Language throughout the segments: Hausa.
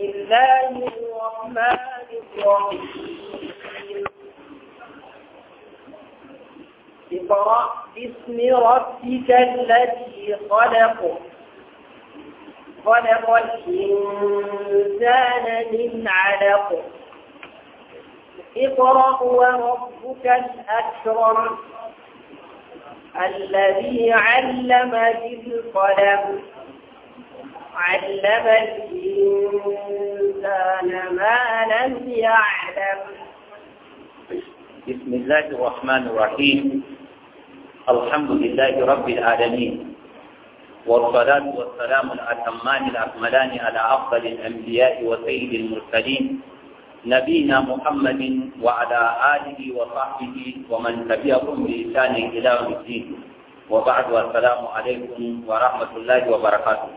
الله الرحمن الرحيم اقرأ باسم ربك الذي خلق خلق الإنسان من علق اقرأ وربك الأكرم الذي علم بالقلم علم الإنسان ما لم يعلم بسم الله الرحمن الرحيم الحمد لله رب العالمين والصلاة والسلام الأتمان الأكملان على أفضل الأنبياء وسيد المرسلين نبينا محمد وعلى آله وصحبه ومن تبعهم بإحسان إلى يوم الدين وبعد والسلام عليكم ورحمة الله وبركاته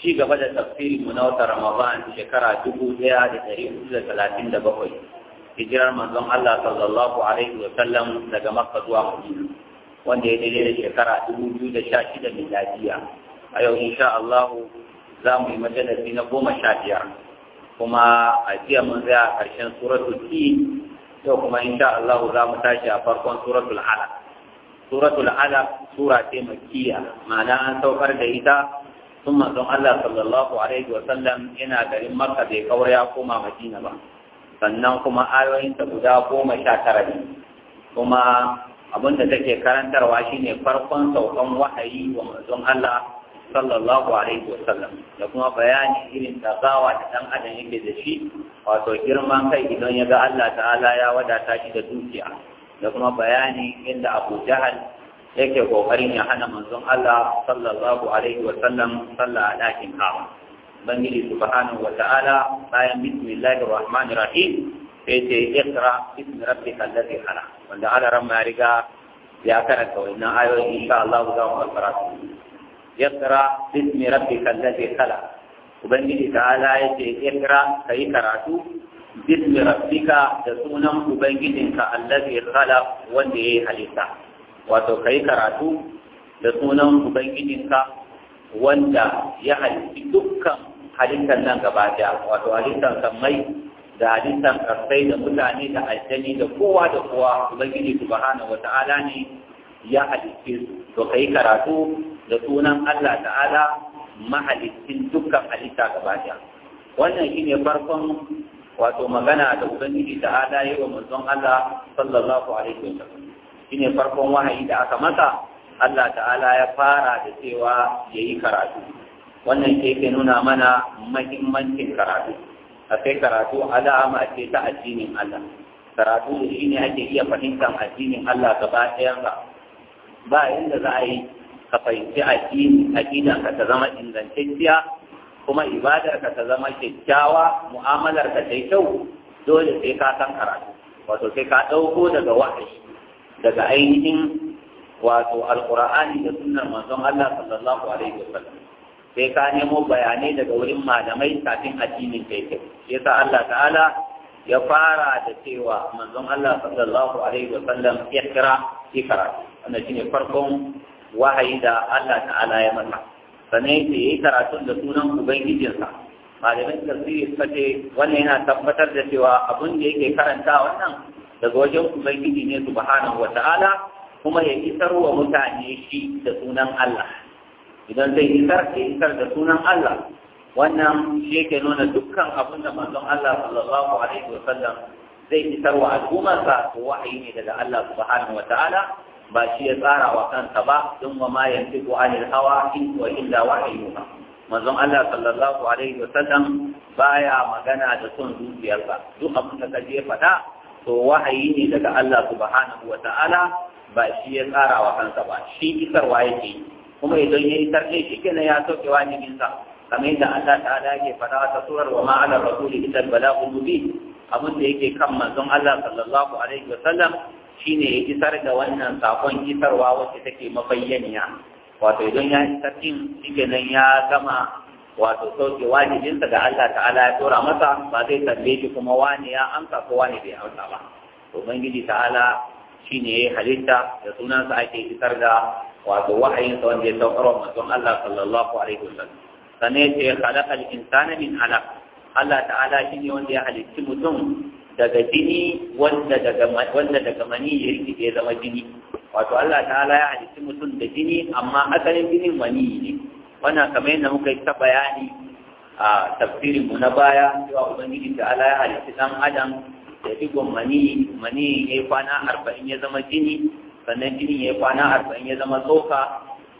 ci gaba da tafsirin mu na wata Ramadan shekara 1437 hijirar manzon Allah sallallahu alaihi wa sallam daga Makka zuwa Madina wanda ya daidai da shekara dubu biyu da sha 2016 miladiya a yau insha Allah za mu yi majalisi na goma sha biyar kuma a jiya mun a ƙarshen suratul ki yau kuma insha Allah za mu tashi a farkon suratul alaq suratul alaq sura ce makkiya ma'ana an saukar da ita sun manzon Allah sallallahu alaihi wasallam yana garin Makka bai kawar ya koma Madina ba sannan kuma ayoyin ta guda goma sha tara ne kuma abin da take karantarwa shine farkon saukan wahayi wa manzon Allah sallallahu alaihi wasallam da kuma bayani irin tagawa da dan adam yake da shi wato girman kai idan ya ga Allah ta'ala ya wadata shi da dukiya da kuma bayani inda Abu Jahal yake kokarin ya hana manzon Allah sallallahu alaihi wa sallam sallah a dakin Kaaba bangiji subhanahu wa ta'ala bayan bismillahir rahmanir rahim sai ce iqra ismi rabbika alladhi khalaq wanda ala ramma ya riga ya karanta wannan ayoyi insha Allah za mu fara su iqra ismi rabbika alladhi khalaq ubangiji ta'ala yace iqra kai karatu bismi rabbika da sunan ubangijinka alladhi khalaq wanda yayi halitta wato kai karatu da sunan ubangijinka wanda ya halitti dukkan halittar nan gaba daya wato halittar sammai da halittar karsai da mutane da aljani da kowa da kowa ubangiji subhanahu wata'ala ne ya halitte su to kai karatu da sunan Allah ta'ala mahalicin dukkan halitta gaba daya wannan shine farkon wato magana da ubangiji ta'ala yi wa manzon Allah sallallahu alaihi wasallam shine farkon wahayi da aka masa Allah ta'ala ya fara da cewa ya yi karatu wannan ke ke nuna mana mahimmancin karatu a kai karatu alama ce ta addinin Allah karatu da shi ne ake iya fahimtar addinin Allah gaba ɗayansa ba inda za a yi ka fahimci addini aqidan ka ta zama ingantacciya kuma ibadar ka ta zama kyakkyawa mu'amalar ka ta yi kyau dole sai ka san karatu wato sai ka ɗauko daga wahayi daga ainihin wato alqur'ani da sunnar manzon Allah sallallahu alaihi wasallam sai ka nemo bayanai daga wurin malamai kafin addinin kai kai shi yasa Allah ta'ala ya fara da cewa manzon Allah sallallahu alaihi wasallam ya kira ikra wannan shine farkon wahayi da Allah ta'ala ya masa sannan ya yi karatun da sunan ubangijinsa malamin tafsiri suka ce wannan yana tabbatar da cewa abin da yake karanta wannan daga wajen ubangiji ne subhanahu wa ta'ala kuma ya isar wa mutane shi da sunan Allah idan zai isar ya isar da sunan Allah wannan shi yake nuna dukkan abin da manzon Allah sallallahu alaihi wasallam zai isar wa al'ummarsa Ko wahayi ne daga Allah subhanahu wa ta'ala ba shi ya tsara wa kansa ba don wa ma ko anil hawa in wa illa wahyuha manzon Allah sallallahu alaihi wasallam baya magana da son zuciyarsa duk abin da kaje faɗa to wahayi ne daga Allah subhanahu wa ta'ala ba shi ya tsara wa kansa ba shi isarwa yake kuma idan ya isar ne shi ya sauke wajibin sa kamar yadda Allah ta'ala yake fada ta surar wa ma rasuli illa bala mubin abin da yake kan manzon Allah sallallahu alaihi wa sallam shine ya isar da wannan sakon isarwa wacce take mabayyaniya wato idan ya isar din shi ya gama wato sauke wajibinsa ga Allah ta'ala ya tura masa ba zai tambaye shi kuma wani ya amsa ko wani bai amsa ba Domin ubangiji ta'ala shine yayi halitta da sunansa ake isar da wato wahayinsa wanda ya saukar manzon Allah sallallahu alaihi wa wasallam ya ce khalaqa al-insana min alaq Allah ta'ala shi ne wanda ya halitti mutum daga jini wanda daga mani ya rike zama jini wato Allah ta'ala ya halitti mutum da jini amma asalin jinin mani ne wannan kamar yadda muka yi ta bayani a tafsirin mu na baya cewa ubangiji ta ala ya halitta dan adam da digon mani mani ya yi kwana arba'in ya zama jini sannan jini ya yi kwana arba'in ya zama tsoka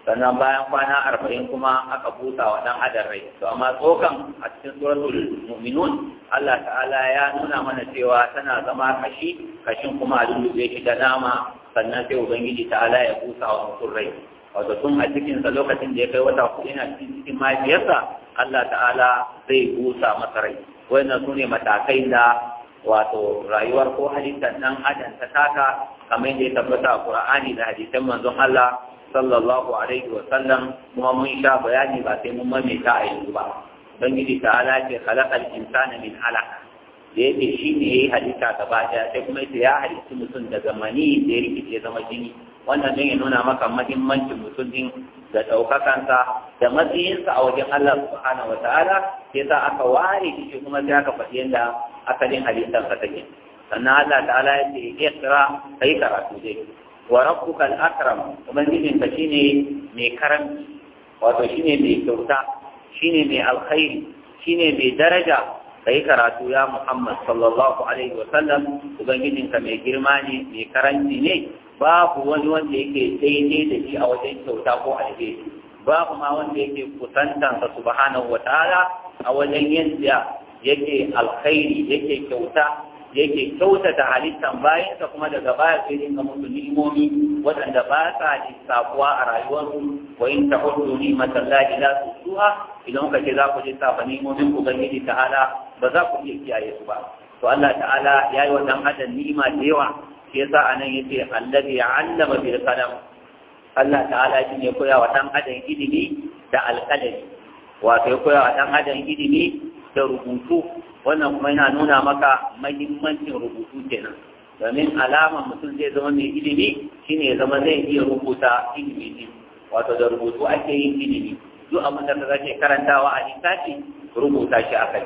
sannan bayan kwana arba'in kuma aka busa wa dan adam rai to amma tsokan a cikin suratul mu'minun Allah ta'ala ya nuna mana cewa tana zama kashi kashin kuma a lullube shi da nama sannan sai ubangiji ta'ala ya busa wa mutum rai Wata tun a cikinsa lokacin da ya kai wata hudu yana cikin mahaifiyarsa Allah ta'ala zai busa masa rai wannan su ne matakai da wato rayuwar ko halittar dan adam ta taka kamar yadda ya tabbata a Qur'ani da hadisan manzon Allah sallallahu alaihi wa sallam kuma mun sha bayani ba sai mun ta a yanzu ba don gidi ta'ala ce khalaqal insana min alaq da yake shi ne ya yi halitta gaba ɗaya sai kuma ya halitti mutum daga mani da ya rikice zama jini wannan don ya nuna maka mahimmancin mutum din da ɗaukakansa da matsayinsa a wajen Allah subhanahu wa sai sa aka ware shi kuma sai aka faɗi yadda asalin ka take sannan Allah ta'ala ya ce ikra kai karatu dai wa rabbuka al-akram ubangijin ka shine mai karamci wato shine mai kyauta shine mai alkhairi shine mai daraja kai karatu ya Muhammad sallallahu alaihi wa sallam ka mai girma ne mai karanci ne babu wani wanda yake daidai da shi a wajen kyauta ko alheri babu ma wanda yake kusantansa subhanahu wataala a wajen yadda yake alkhairi yake kyauta yake kyautata halittan bayansa kuma daga baya sai dinga musu ni'imomi waɗanda ba sa lissafuwa a rayuwarsu wa in ni masallaci za su zuwa. idan ka ce za ku lissafa ni'imomin ubangiji ta'ala ba za ku iya kiyaye su ba to Allah ta'ala ya yi wa dan adam da yawa shi yasa anan Allah ya allama bil kalam Allah ta'ala shi ne koya wa dan adam ilimi da alqalami wato ya koya wa dan adam ilimi da rubutu wannan kuma yana nuna maka mahimmancin rubutu kenan domin alama mutum zai zama mai ilimi shine ya zama zai iya rubuta ilimi wato da rubutu ake yin ilimi duk abin da kake karantawa a littafi rubuta shi a kai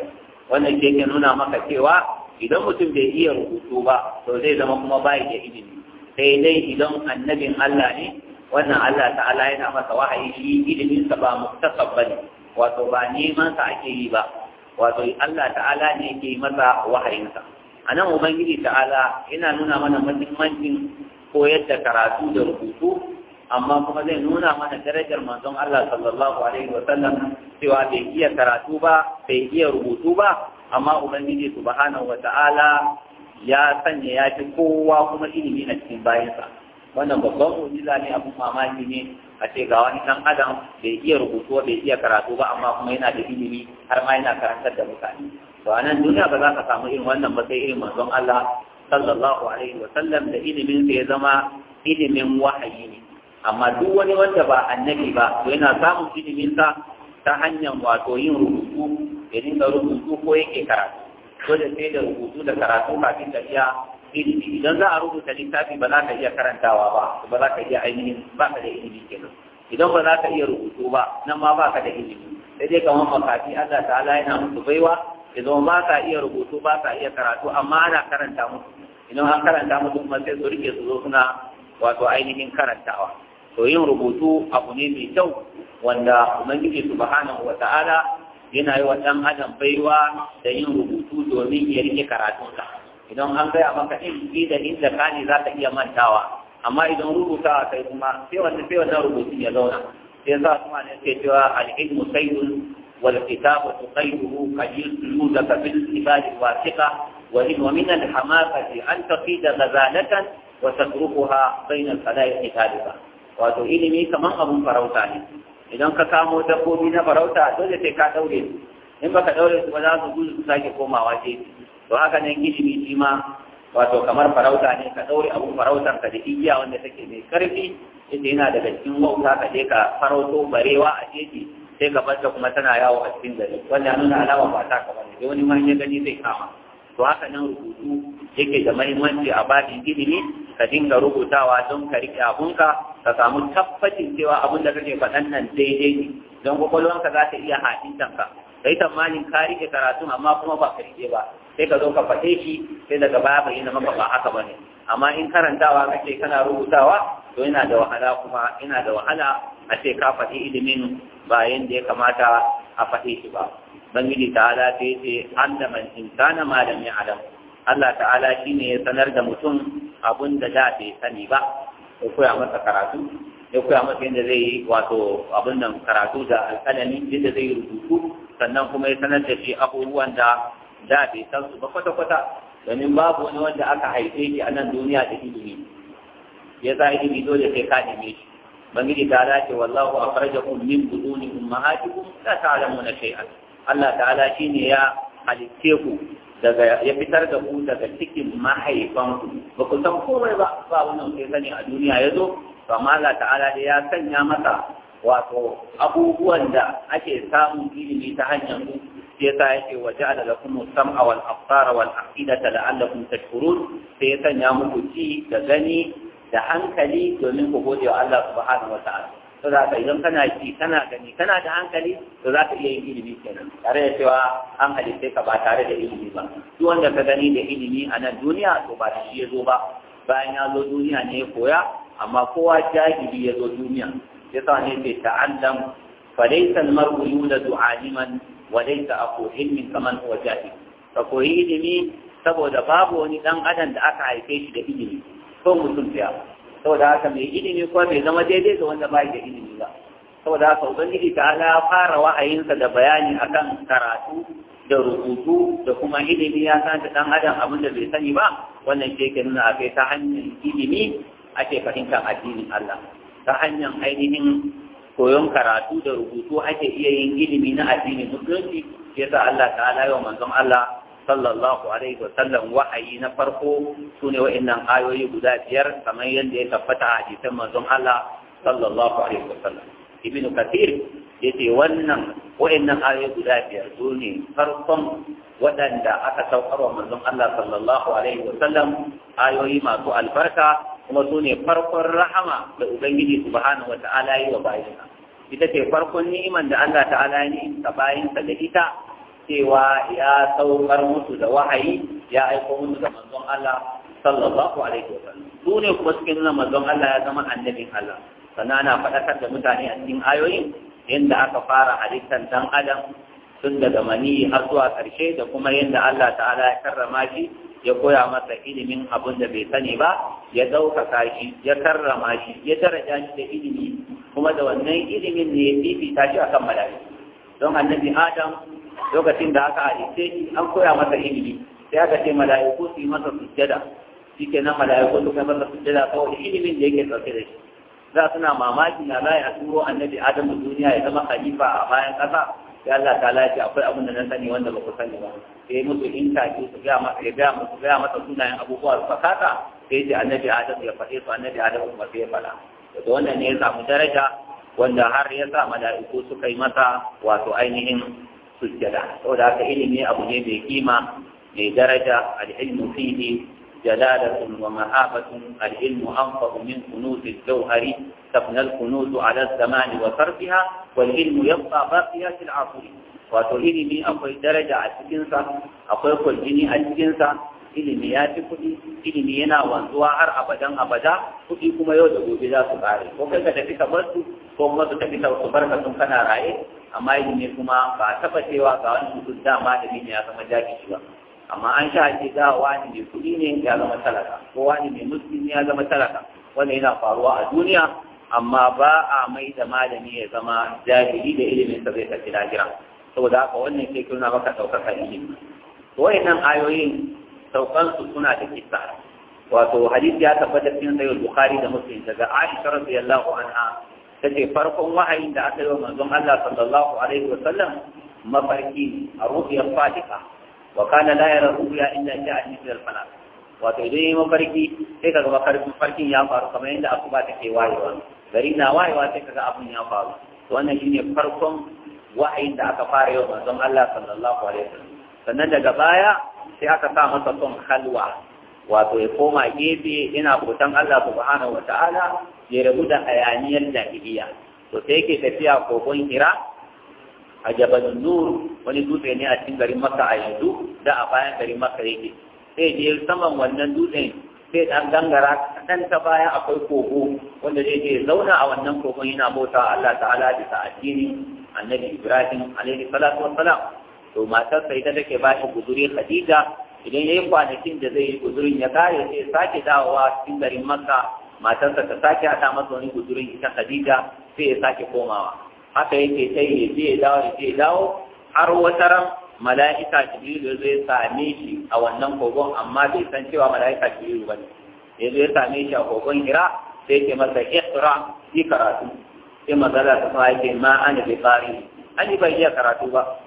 wannan ke nuna maka cewa idan mutum bai iya rubutu ba to zai zama kuma bai da ilimi sai dai idan annabin Allah ne wannan Allah ta'ala yana masa wahayi shi ilimin sa ba muktasab bane wato ba neman sa ake yi ba wato Allah ta'ala ne yake masa wahayin sa anan ubangiji ta'ala yana nuna mana muhimmancin koyar da karatu da rubutu amma kuma zai nuna mana darajar manzon Allah sallallahu alaihi wa sallam cewa bai iya karatu ba bai iya rubutu ba amma ubangiji subhanahu wata'ala ya sanya ya fi kowa kuma ilimi a cikin bayansa wannan babban mu'jiza ne abin mamaki ne a ce ga wani dan adam bai iya rubutu bai iya karatu ba amma kuma yana da ilimi har ma yana karantar da mutane to a nan duniya ba za ka samu irin wannan ba sai irin manzon Allah sallallahu alaihi wa sallam da ilimin sa ya zama ilimin wahayi ne amma duk wani wanda ba annabi ba to yana samun ilimin sa ta hanyar wato yin rubutu ya dinga rubutu ko yake karatu da sai da rubutu da karatu kafin ka iya ilimi idan za a rubuta littafi ba za ka iya karantawa ba ba za ka iya ainihin ba ka da ilimi kenan idan ba za ka iya rubutu ba nan ma ba ka da ilimi sai dai kamar makafi Allah ta'ala yana musu baiwa idan ba ka iya rubutu ba ka iya karatu amma ana karanta musu idan an karanta musu kuma sai su rike su zo suna wato ainihin karantawa to yin rubutu abu ne mai kyau wanda ubangiji subhanahu wa yana yi wa ɗan adam baiwa da yin rubutu domin ya rike karatunsa idan an gaya maka in bi da inda kani za ka iya mantawa amma idan rubuta kai kuma sai wanda sai wannan rubutun ya zauna sai za su ne ke cewa al-ilmu sayyidun wal kitabu qayduhu kajil yuzaka bil ibadi wasiqa wa in wa min al-hamasati an taqida ghazalatan wa tatrukuha bayna al-khala'iq taliba wato ilimi kaman abun farauta ne idan ka kamo dabbobi na farauta dole sai ka daure su in baka daure su ba za su gudu su sake komawa ce to haka nan gishiri shi ma wato kamar farauta ne ka daure abun farautar ka da igiya wanda take mai karfi ita yana daga cikin wauta ka je ka farauto barewa a jeji sai ka bar kuma tana yawo a cikin gari wanda nuna alama ba ta ka bane wani ma ya gani zai kama to haka nan rubutu yake da mahimmanci a bakin ilimi ka dinga rubutawa don ka riƙe abunka ka samu tabbacin cewa abin da kake faɗan nan daidai ne don kwakwalwanka za ta iya haɗin ka kai tsammanin ka riƙe karatun amma kuma ba ka riƙe ba sai ka zo ka faɗe shi sai daga baya bai yana maka ba haka bane amma in karantawa kake kana rubutawa to yana da wahala kuma yana da wahala a ce ka faɗi ilimin ba da ya kamata a faɗe shi ba bangiji ta'ala ta yace allaman insana ma lam Allah ta'ala shi ne ya sanar da mutum abin da da bai sani ba ya koya masa karatu ya koya masa yadda zai yi wato abin nan karatu da alƙalami yadda zai rubutu sannan kuma ya sanar da shi abubuwan da da bai san su ba kwata-kwata domin babu wani wanda aka haife shi a nan duniya da ilimi ya sa ilimi dole sai ka neme shi bangiji ta dace wallahu akhrajakum min buduni ummahatikum la ta'lamuna shay'an Allah ta'ala shi ne ya halitte ku daga ya fitar da ku daga cikin mahaifanku ba ku san komai ba ba wannan sai sani a duniya ya zo amma Allah ta'ala da ya sanya masa wato abubuwan da ake samun ilimi ta hanyar ku sai ta yake wa ja'ala lakum sam'a wal absara wal afidata la'allakum tashkurun sai ya sanya muku ji da gani da hankali domin ku gode wa Allah subhanahu wa ta'ala to za ka idan kana ji kana gani kana da hankali to za ka iya yin ilimi kenan tare da cewa an halitta ka ba tare da ilimi ba duk wanda ka gani da ilimi a nan duniya to ba shi ya zo ba bayan ya zo duniya ne ya koya amma kowa jahili ya zo duniya yasa ne bai ta'allam fa laysa al-mar'u yuladu 'aliman wa laysa aqu ilmin kaman huwa jahil ka koyi ilimi saboda babu wani dan adam da aka haife shi da ilimi ko mutum fiya saboda haka mai ilimi ko bai zama daidai ga wanda bai da ilimi ba saboda haka ubangiji ta ala fara wa'ayinsa da bayani akan karatu da rubutu da kuma ilimi ya san da dan adam abin da bai sani ba wannan ke ke nuna akai ta hanyar ilimi ake fahimtar addinin Allah ta hanyar ainihin koyon karatu da rubutu ake iya yin ilimi na addinin musulunci yasa Allah ta'ala yau manzon Allah sallallahu alaihi wa sallam wahayi na farko sune wa'annan ayoyi guda biyar kamar yadda ya tabbata a hadisan manzon Allah sallallahu alaihi wa sallam ibnu kathir yace wannan wa'annan ayoyi guda biyar ne farkon waɗanda aka saukarwa manzon Allah sallallahu alaihi wa sallam ayoyi masu albarka kuma sune farkon rahama da ubangiji subhanahu wa ta'ala yi wa bayinsa ita ce farkon ni'iman da Allah ta'ala ne ta bayinsa da ita cewa ya saukar musu da wahayi ya aiko musu da manzon Allah sallallahu alaihi wa sallam su ne kuma suke nuna manzon Allah ya zama annabin Allah sannan ana faɗakar da mutane a cikin ayoyin yadda aka fara halittar dan adam tun daga mani har zuwa ƙarshe da kuma yadda Allah ta'ala ya karrama shi ya koya masa ilimin abun da bai sani ba ya ɗaukaka shi ya karrama shi ya daraja shi da ilimi kuma da wannan ilimin ne ya fifita shi akan mala'iku don annabi adam lokacin da aka halice shi an koya masa ilimi sai aka ce mala'iku su yi masa sujjada ke nan mala'iku su kai masa sujjada saboda ilimin da yake sauke da shi za suna mamaki na za a turo annabi adamu duniya ya zama khalifa a bayan ƙasa sai Allah ta lafi akwai abin da na sani wanda ba ku sani ba sai musu in ke su ga masa sunayen abubuwa su fakata sai ce annabi Adam ya faɗe su annabi Adam kuma sai ya faɗa to wannan ne ya samu daraja wanda har ya sa mala'iku suka yi masa wato ainihin sujjada saboda haka ilimi abu ne mai kima mai daraja Al'ilmu al al'ilmu fihi min ومهابة العلم أنفع من kunuzu, الجوهر تبنى الكنوز على الزمان وصرفها والعلم يبقى باقيا في العصر wato ilimi akwai daraja a cikinsa akwai kwaljini a cikinsa ilimi ya fi kuɗi ilimi yana wanzuwa har abadan abada kuɗi kuma yau da gobe za su ƙare ko kai ka tafi ka bar su ko kuma su tafi ka bar ka sun kana raye amma ne kuma ba taba cewa ga wani mutum dama da ya zama jahili ba amma an sha ake za wani mai kuɗi ne ya zama talaka ko wani mai musulmi ya zama talaka wanda yana faruwa a duniya amma ba a mai da malami ya zama jahili da ilimin sa zai tafi lahira saboda haka wannan ke kuna maka ɗaukaka ilimi wayannan ayoyin saukan su suna da kisa wato hadisi ya tabbata cikin sahih bukhari da muslim daga aisha radiyallahu anha tace farkon wahayin da aka yi wa manzon Allah sallallahu alaihi wa sallam mafarki a ruqyar fatiha wa kana la yara ruqya illa ja'a min al-falaq wato idan mafarki sai kaga mafarkin ya faru kamar yadda asuba take wayewa gari na wayewa sai kaga abun ya faru wannan shine farkon wahayin da aka fara yi wa manzon Allah sallallahu alaihi wa sallam. sannan daga baya sai aka sa masa son halwa wato ya koma gefe yana bautan Allah subhanahu wataala ya rabu da hayaniyar jahiliya to sai yake tafiya kogon hira a jabal nur wani dutse ne a cikin garin maka a yanzu da a bayan garin maka yake sai je saman wannan dutsen sai dan gangara dan ta baya akwai kogo wanda zai je zauna a wannan kogon yana bauta Allah ta'ala da addini annabi Ibrahim alaihi salatu wassalam to matar sai ta take ba shi guzuri Khadija idan yayin kwanakin da zai yi guzurin ya kare sai sake dawowa cikin garin Makka matarsa ta sake haɗa masa wani gudurin ita Khadija sai ya sake komawa haka yake sai ya je ya dawo ya je ya dawo har wata ran mala'ika Jibril zai same shi a wannan kogon amma bai san cewa mala'ika Jibril ba ne ya zo ya same shi a kogon Hira sai ke masa Iqra yi karatu sai magana ta fara yake ma an bi qari an yi bai iya karatu ba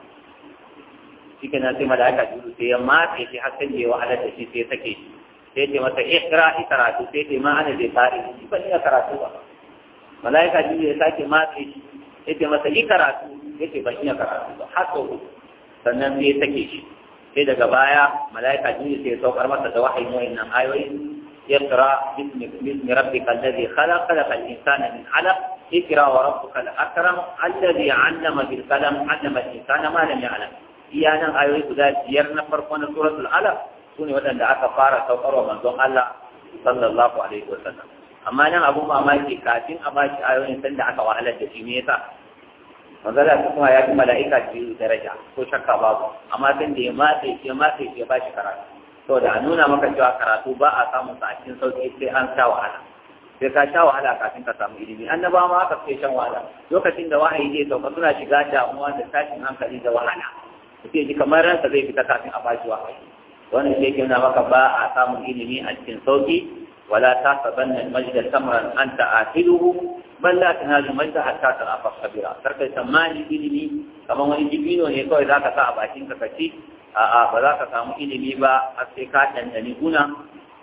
shi kenan sai mala'ika Jibril sai ya matse shi har sai ya wahalar da shi sai ya sake shi sai ce masa ikra karatu sai ce ma ana zai fari shi ban iya karatu ba malaika ji ya sake matse shi sai ce masa karatu sai ce ban iya karatu ba har sau sannan sai sake shi sai daga baya malaika ji sai saukar masa da wahayin wayannan ayoyi اقرا باسم باسم ربك الذي خلق خلق الانسان من علق اقرا وربك الاكرم الذي علم بالقلم علم الانسان ما لم يعلم iya nan ayoyi guda biyar na farko na suratul alaq su ne waɗanda aka fara saukarwa manzon Allah sallallahu alaihi sallam amma nan abun mamaki kafin a bashi ayoyin sanda aka wahalar da shi me yasa manzon Allah kuma ya fi mala'ika biyu daraja ko shakka babu amma san da ya matse shi ya matse shi ya bashi karatu saboda a nuna maka cewa karatu ba a samun sa a cikin sauki sai an sha wahala sai ka sha wahala kafin ka samu ilimi annaba ma aka sai shan wahala lokacin da wahayi zai sauka suna shiga damuwa da tashin hankali da wahala sai ji kamar ransa zai fita kafin a bashi wahayi wanda shi yake maka ba a samun ilimi a cikin sauki wala ta saban nan majda samran an ta'atiluhu bal la tanhalu majda hatta ta'afa sabira sarkai tsammani ilimi kamar wani jibino ne kawai zaka sa a bakin ka kaci a'a ba za ka samu ilimi ba har sai ka dandani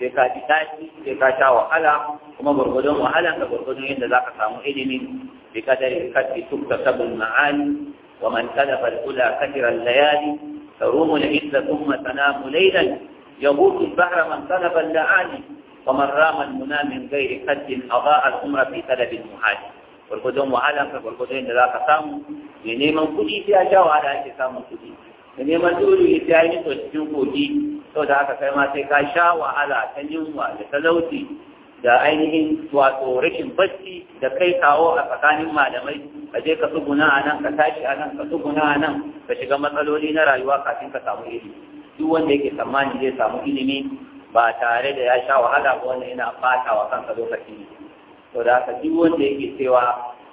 sai ka ji daɗi sai ka sha wahala kuma gwargwadon wahala ka gwargwadon yadda za ka samu ilimin bi kadari kadri tukta sabul ma'ani wa man talafa al-ula kathira al-layali تروم لئن ثم تنام ليلا يغوط البحر من طلب اللعاني ومن رام المنى من غير قد اضاء الامر في طلب المحال والقدوم على فالقدوم لا قسام يعني من قدي في اجاو على اتسام قدي يعني من دوري في اجاو على اتسام قدي تو ذاك فيما تكاشا وعلى تنيم وعلى تلوتي da ainihin wato rashin bacci da kai kawo a tsakanin malamai ka je ka tsuguna a nan ka tashi a nan ka tsuguna a nan ka shiga matsaloli na rayuwa kafin ka samu ilimi duk wanda yake tsammani zai samu ilimi ba tare da ya sha wahala ba wannan yana fata wa kansa lokaci ne to da haka duk wanda yake cewa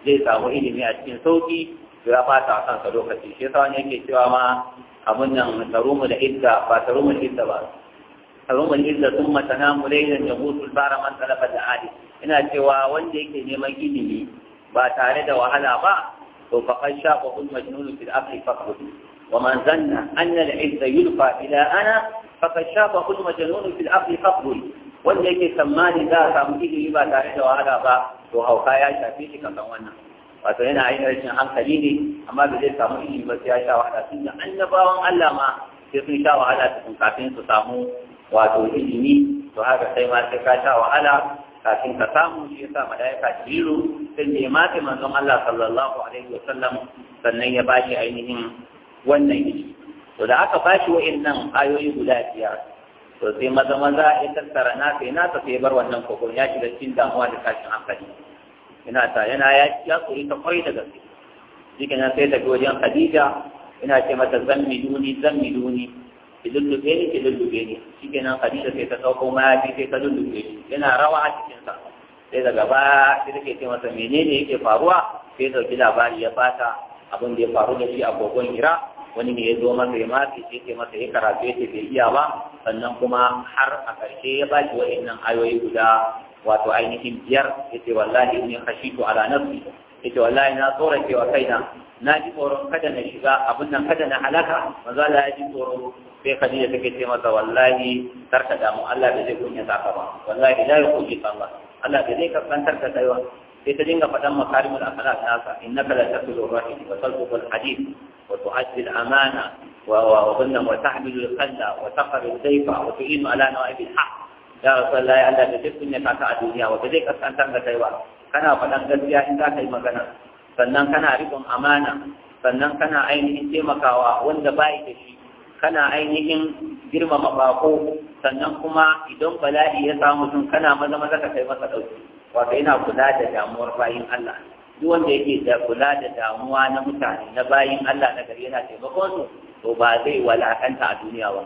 zai samu ilimi a cikin sauki to ya fata wa kansa lokaci shi yasa wani yake cewa ma abun nan tsaro mu da idda ba tsaro mu da idda ba harun wani sun matana mulailan ya hutu bara man talafa da ali ina cewa wanda yake neman ilimi ba tare da wahala ba to faqad shaqa kul majnun fil aqli faqad wa man zanna anna al izza yulfa ila ana faqad shaqa kul majnun fil aqli faqad wanda yake tsammani za a samu ilimi ba tare da wahala ba to hauka ya shafi shi kan wannan wato yana yin rashin hankali ne amma ba zai samu ilimi ba sai ya sha wahala tunda annabawan Allah ma sai sun sha wahala tukun kafin su samu wato ilimi to haka sai ma sai ka sha wahala kafin ka samu shi yasa malaika jiru sai ne mata manzon Allah sallallahu alaihi Sallam sannan ya bashi ainihin wannan ilimi to da aka bashi wa'annan ayoyi guda biyar to sai maza maza ya tattara na sai na sai bar wannan kokon ya shiga cikin damuwa da tashin hankali ina ta yana ya ya tsori ta kwarai da gaske shi kenan sai ta wajen Khadija ina ce mata zammi duni zammi duni ki lullube ni ki lullube ni shi kenan hadisa sai ta sauko mayafi sai ta lullube ni yana rawa a cikinsa sai daga baya sai take ce masa menene yake faruwa sai gida labari ya fata abin da ya faru da shi a kogon hira wani ne ya zo masa ya mafi sai ce masa ya karatu ya ce bai iya ba sannan kuma har a ƙarshe ya ba shi ayoyi guda wato ainihin biyar ya ce wallahi ne kashitu ala nafsi yace wallahi na tsorace wa kaina na ji tsoron kada na shiga abin nan kada na halaka manzo Allah ya ji tsoro sai Khadija take ce masa wallahi tarka da mu Allah bai zai kunya saka ba wallahi la yuqi Allah Allah bai zai kafantar da kaiwa sai ta dinga faɗan makarimul akhlaq nasa innaka la tasilu rahim wa talqu al hadith wa tu'addi al amana wa wa qulna wa tahmilu al qalla wa taqru al sayfa wa tu'inu ala nawaib al haqq ya rasulullah Allah bai zai kunya saka a duniya wa bai zai kafantar da kaiwa kana faɗan gaskiya in za ka yi magana sannan kana riƙon amana sannan kana ainihin taimakawa wanda bai da shi kana ainihin girmama bako sannan kuma idan bala'i ya samu sun kana maza maza ka kai masa ɗauki wato yana kula da damuwar bayin Allah duk wanda yake da kula da damuwa na mutane na bayin Allah na gari yana taimakon su to ba zai walakanta a duniya ba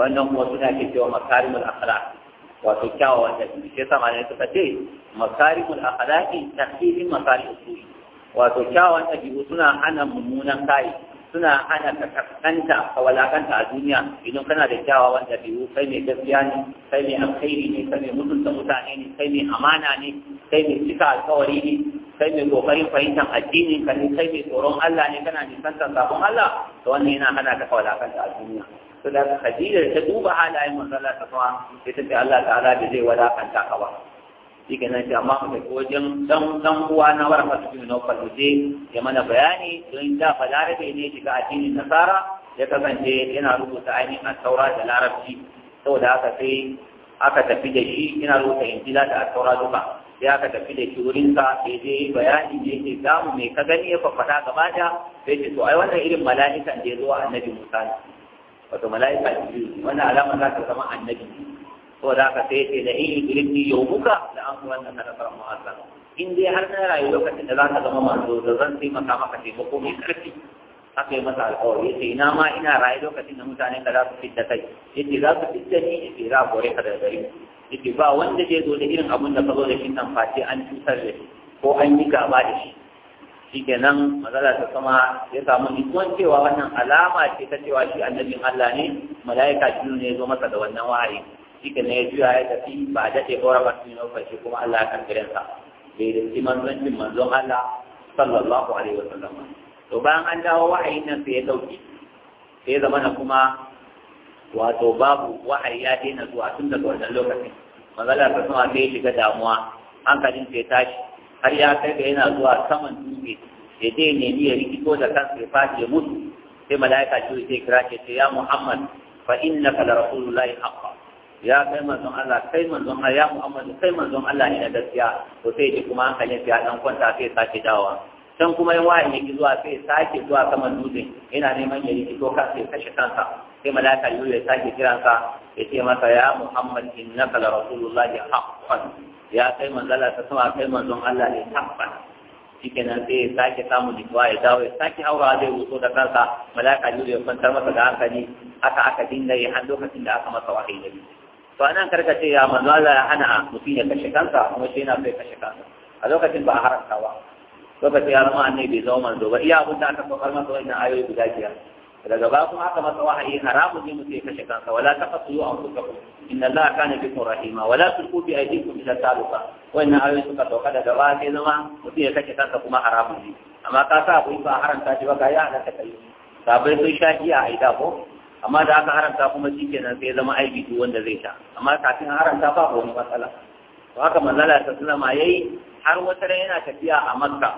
wannan kuma suna ke cewa makarimul akhlaq wato kyawawan dabi'u shi yasa malamai suka ce makarimul akhlaqi tahqiqin makarimus su'i wato kyawawan dabi'u suna hana mummunan kai suna hana ka ka walakanta a duniya idan kana da kyawawan dabi'u kai mai gaskiya ne kai mai alkhairi ne kai mai mutunta mutane ne kai mai amana ne kai mai cika alkawari ne kai mai kokarin fahimtar addininka ka ne kai mai tsoron Allah ne kana nisantar sabon Allah to wannan yana hana ka walakanta a duniya to da Khadija ta duba halayen manzon Allah ta kuma sai ta ce Allah ta'ala da zai wadakanta ka ba shi ke nan amma mu tafi wajen dan dan uwa na warfa su ne fa ya mana bayani don da fa larabe ne shiga addinin nasara ya kasance yana rubuta ainihin asaura da larabci saboda haka sai aka tafi da shi yana rubuta injila da saura duka sai aka tafi da shi wurin sa sai dai bayani ne ke samu mai ka gani ya fafata gaba da sai ce to ai wannan irin mala'ikan da ya zo a annabi Musa wato mala'ika jibril wannan alama za ta zama annabi to da ka sai ce da in iblis ni yawmuka da an kuma annaka nasara mu'azzam in dai har na rayu lokacin da za ka zama manzo da zan taimaka maka taimako mai karfi aka yi masa alƙawari ce ina ma ina rayu lokacin da mutane ka za su fitta kai yace za su fitta ni yace za a kore ka daga gari ba wanda zai zo da irin abin da ka zo da shi nan face an cutar da shi ko an yi gaba da shi nan, magana ta sama ya samu nutsuwan cewa wannan alama ce ta cewa shi annabin Allah ne mala'ika shi ne ya zo masa da wannan wahayi nan ya juya ya tafi ba a daɗe ba ba su lokaci kuma Allah ya karkirin sa bai da shi manzancin manzon Allah sallallahu alaihi wasallam to bayan an dawo wahayin nan sai ya dauke sai ya zama na kuma wato babu wahayi ya daina zuwa tun daga wannan lokacin magana ta sama sai ya shiga damuwa hankalin sai tashi har ya kai ga yana zuwa saman dutse ya je nemi ya rikito da kansa ya fashe ya mutu sai malaika ce sai kira ce ya Muhammad fa ka da rasulullahi haqqa ya kai manzon Allah kai manzon Allah ya Muhammad kai manzon Allah ne na gaskiya to sai ji kuma hankalin ya dan kwanta sai sake dawowa can kuma ya waye ne zuwa sai sake zuwa saman dutse yana neman ya rikito kansa ya kashe kansa sai malaka yau ya sake kiransa ya ce masa ya muhammad innaka la rasulullah ya haqqan ya kai manzala ta sama kai manzon Allah ne haqqan shikenan sai ya sake samun nutsuwa ya dawo ya sake haura zai ruso da kansa malaka yau ya kwantar masa da hankali haka aka dinga yi har lokacin da aka masa wahayi da to anan karka ce ya manzo Allah ya hana mutum ya kashe kansa kuma sai yana so ya kashe kansa a lokacin ba a haramta ba lokacin ya zama annabi bai zama manzo ba iya abin da aka saukar wani wannan ayoyi guda biyar daga ba kuma aka masa wahayi haramun ne mutum ya kashe kansa wala taqtulu anfusakum za a kana bikin rahima wala tulqu bi aydikum ila taluqa wannan ayoyi suka sauka daga ba sai zama mutum ya kashe kansa kuma haramun ne amma ka sa akwai ba haramta shi ba ga ya halatta kai sabai sun sha giya a ida ko amma da aka haramta kuma shikenan sai zama aiki duk wanda zai sha amma kafin haramta ba wani matsala to haka manzala ta sallama yayi har wata yana tafiya a makka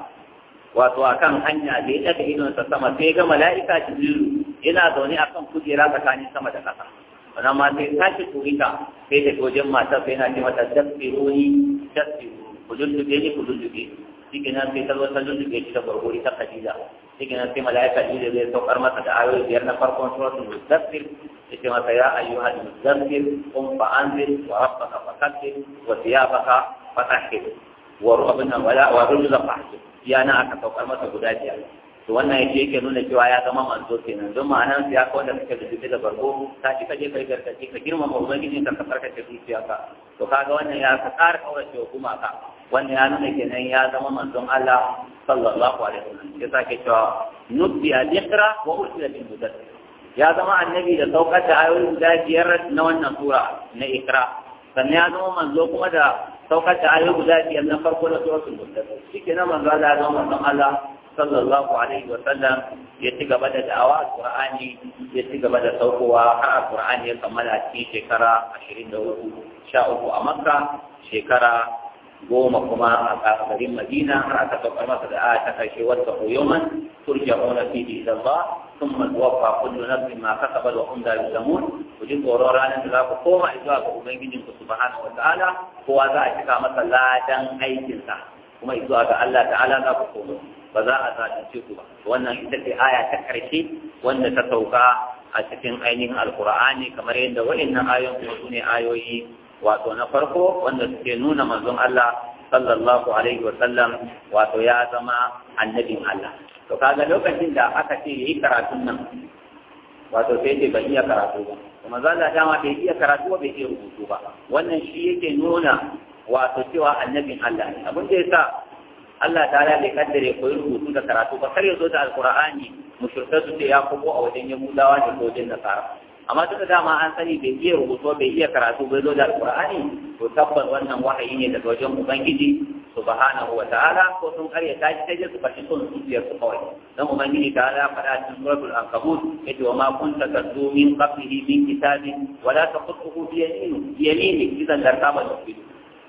wato akan hanya da ya daga idonsa sama sai ga mala'ika jibrilu yana zaune akan kujera tsakanin sama da ƙasa wannan ma sai tashi turita sai da wajen matar sai na ce mata dasbiruni dasbiru ku lullube ni ku lullube shi kenan sai ta zo ta lullube shi da gwargwari ta khadija shi kenan sai mala'ika jibrilu zai saukar masa da ayoyi biyar na farkon suratul mudaththir yake masa ya ayyuhal mudaththir qum fa anzir wa rabbaka fakabbir wa thiyabaka fatahhir wa ru'bana wala wa rujza fahjur iya na aka saukar masa guda biyar to wannan yake yake nuna cewa ya zama manzo kenan don ma'anar su ya kawo da kake da dubi da barko ta ci kaje kai garkaci ka girma ma ubangijin ka kasar ka zuciya ka to kaga wannan ya ka tsara kaurace wa ka. wannan ya nuna kenan ya zama manzon Allah sallallahu alaihi wasallam ya sake cewa nubbi al-iqra wa ursila bil mudaththir ya zama annabi da saukar da ayoyi guda biyar na wannan sura na ikra sannan ya zama manzo kuma da saukar da ayo guda biyar na farko na suratul mustaqim shike na manzo Allah ya zama manzon Allah sallallahu alaihi wa sallam ya ci gaba da da'awa alqur'ani ya ci gaba da saukowa har qurani ya kammala cikin shekara 23 sha uku a Makka shekara goma kuma a garin Madina har aka saukar masa da aya ta kashe wadda ku yawman turja'una fihi ila ba thumma tuwaffa kullu nafsin ma kasabat wa hum la yuzlamun ku ji tsoron ranar da za ku koma zuwa ga ubangijin ku subhanahu wa ta'ala kowa za a cika masa ladan aikinsa kuma zuwa ga Allah ta'ala za ku koma ba za a zalunce ku ba wannan ita ce aya ta karshe wanda ta sauka a cikin ainihin alkur'ani kamar yadda wa'annan ayoyin kuma su ne ayoyi wato na farko wanda suke nuna manzon Allah sallallahu alaihi wa sallam wato ya zama annabin Allah to kaga lokacin da aka ce yi karatun nan wato sai dai ba iya karatu ba kuma zalla dama bai iya karatu bai iya rubutu ba wannan shi yake nuna wato cewa annabin Allah ne abin da yasa Allah ta'ala bai kaddare ko rubutu da karatu ba kar ya zo da alqur'ani mushrikai su ce ya kubo a wajen yahudawa da wajen nasara amma duka dama an sani bai iya rubutu bai iya karatu bai zo da alqur'ani to tabbas wannan wahayi ne daga wajen ubangiji subhanahu wa ta'ala ko sun karya ta ji ta su fashi sun su kawai dan ubangiji ta ala faɗa cikin suratul ankabut yace wa ma kunta tatlu min qablihi min kitabin wa la taqutuhu bi yamini idan da ba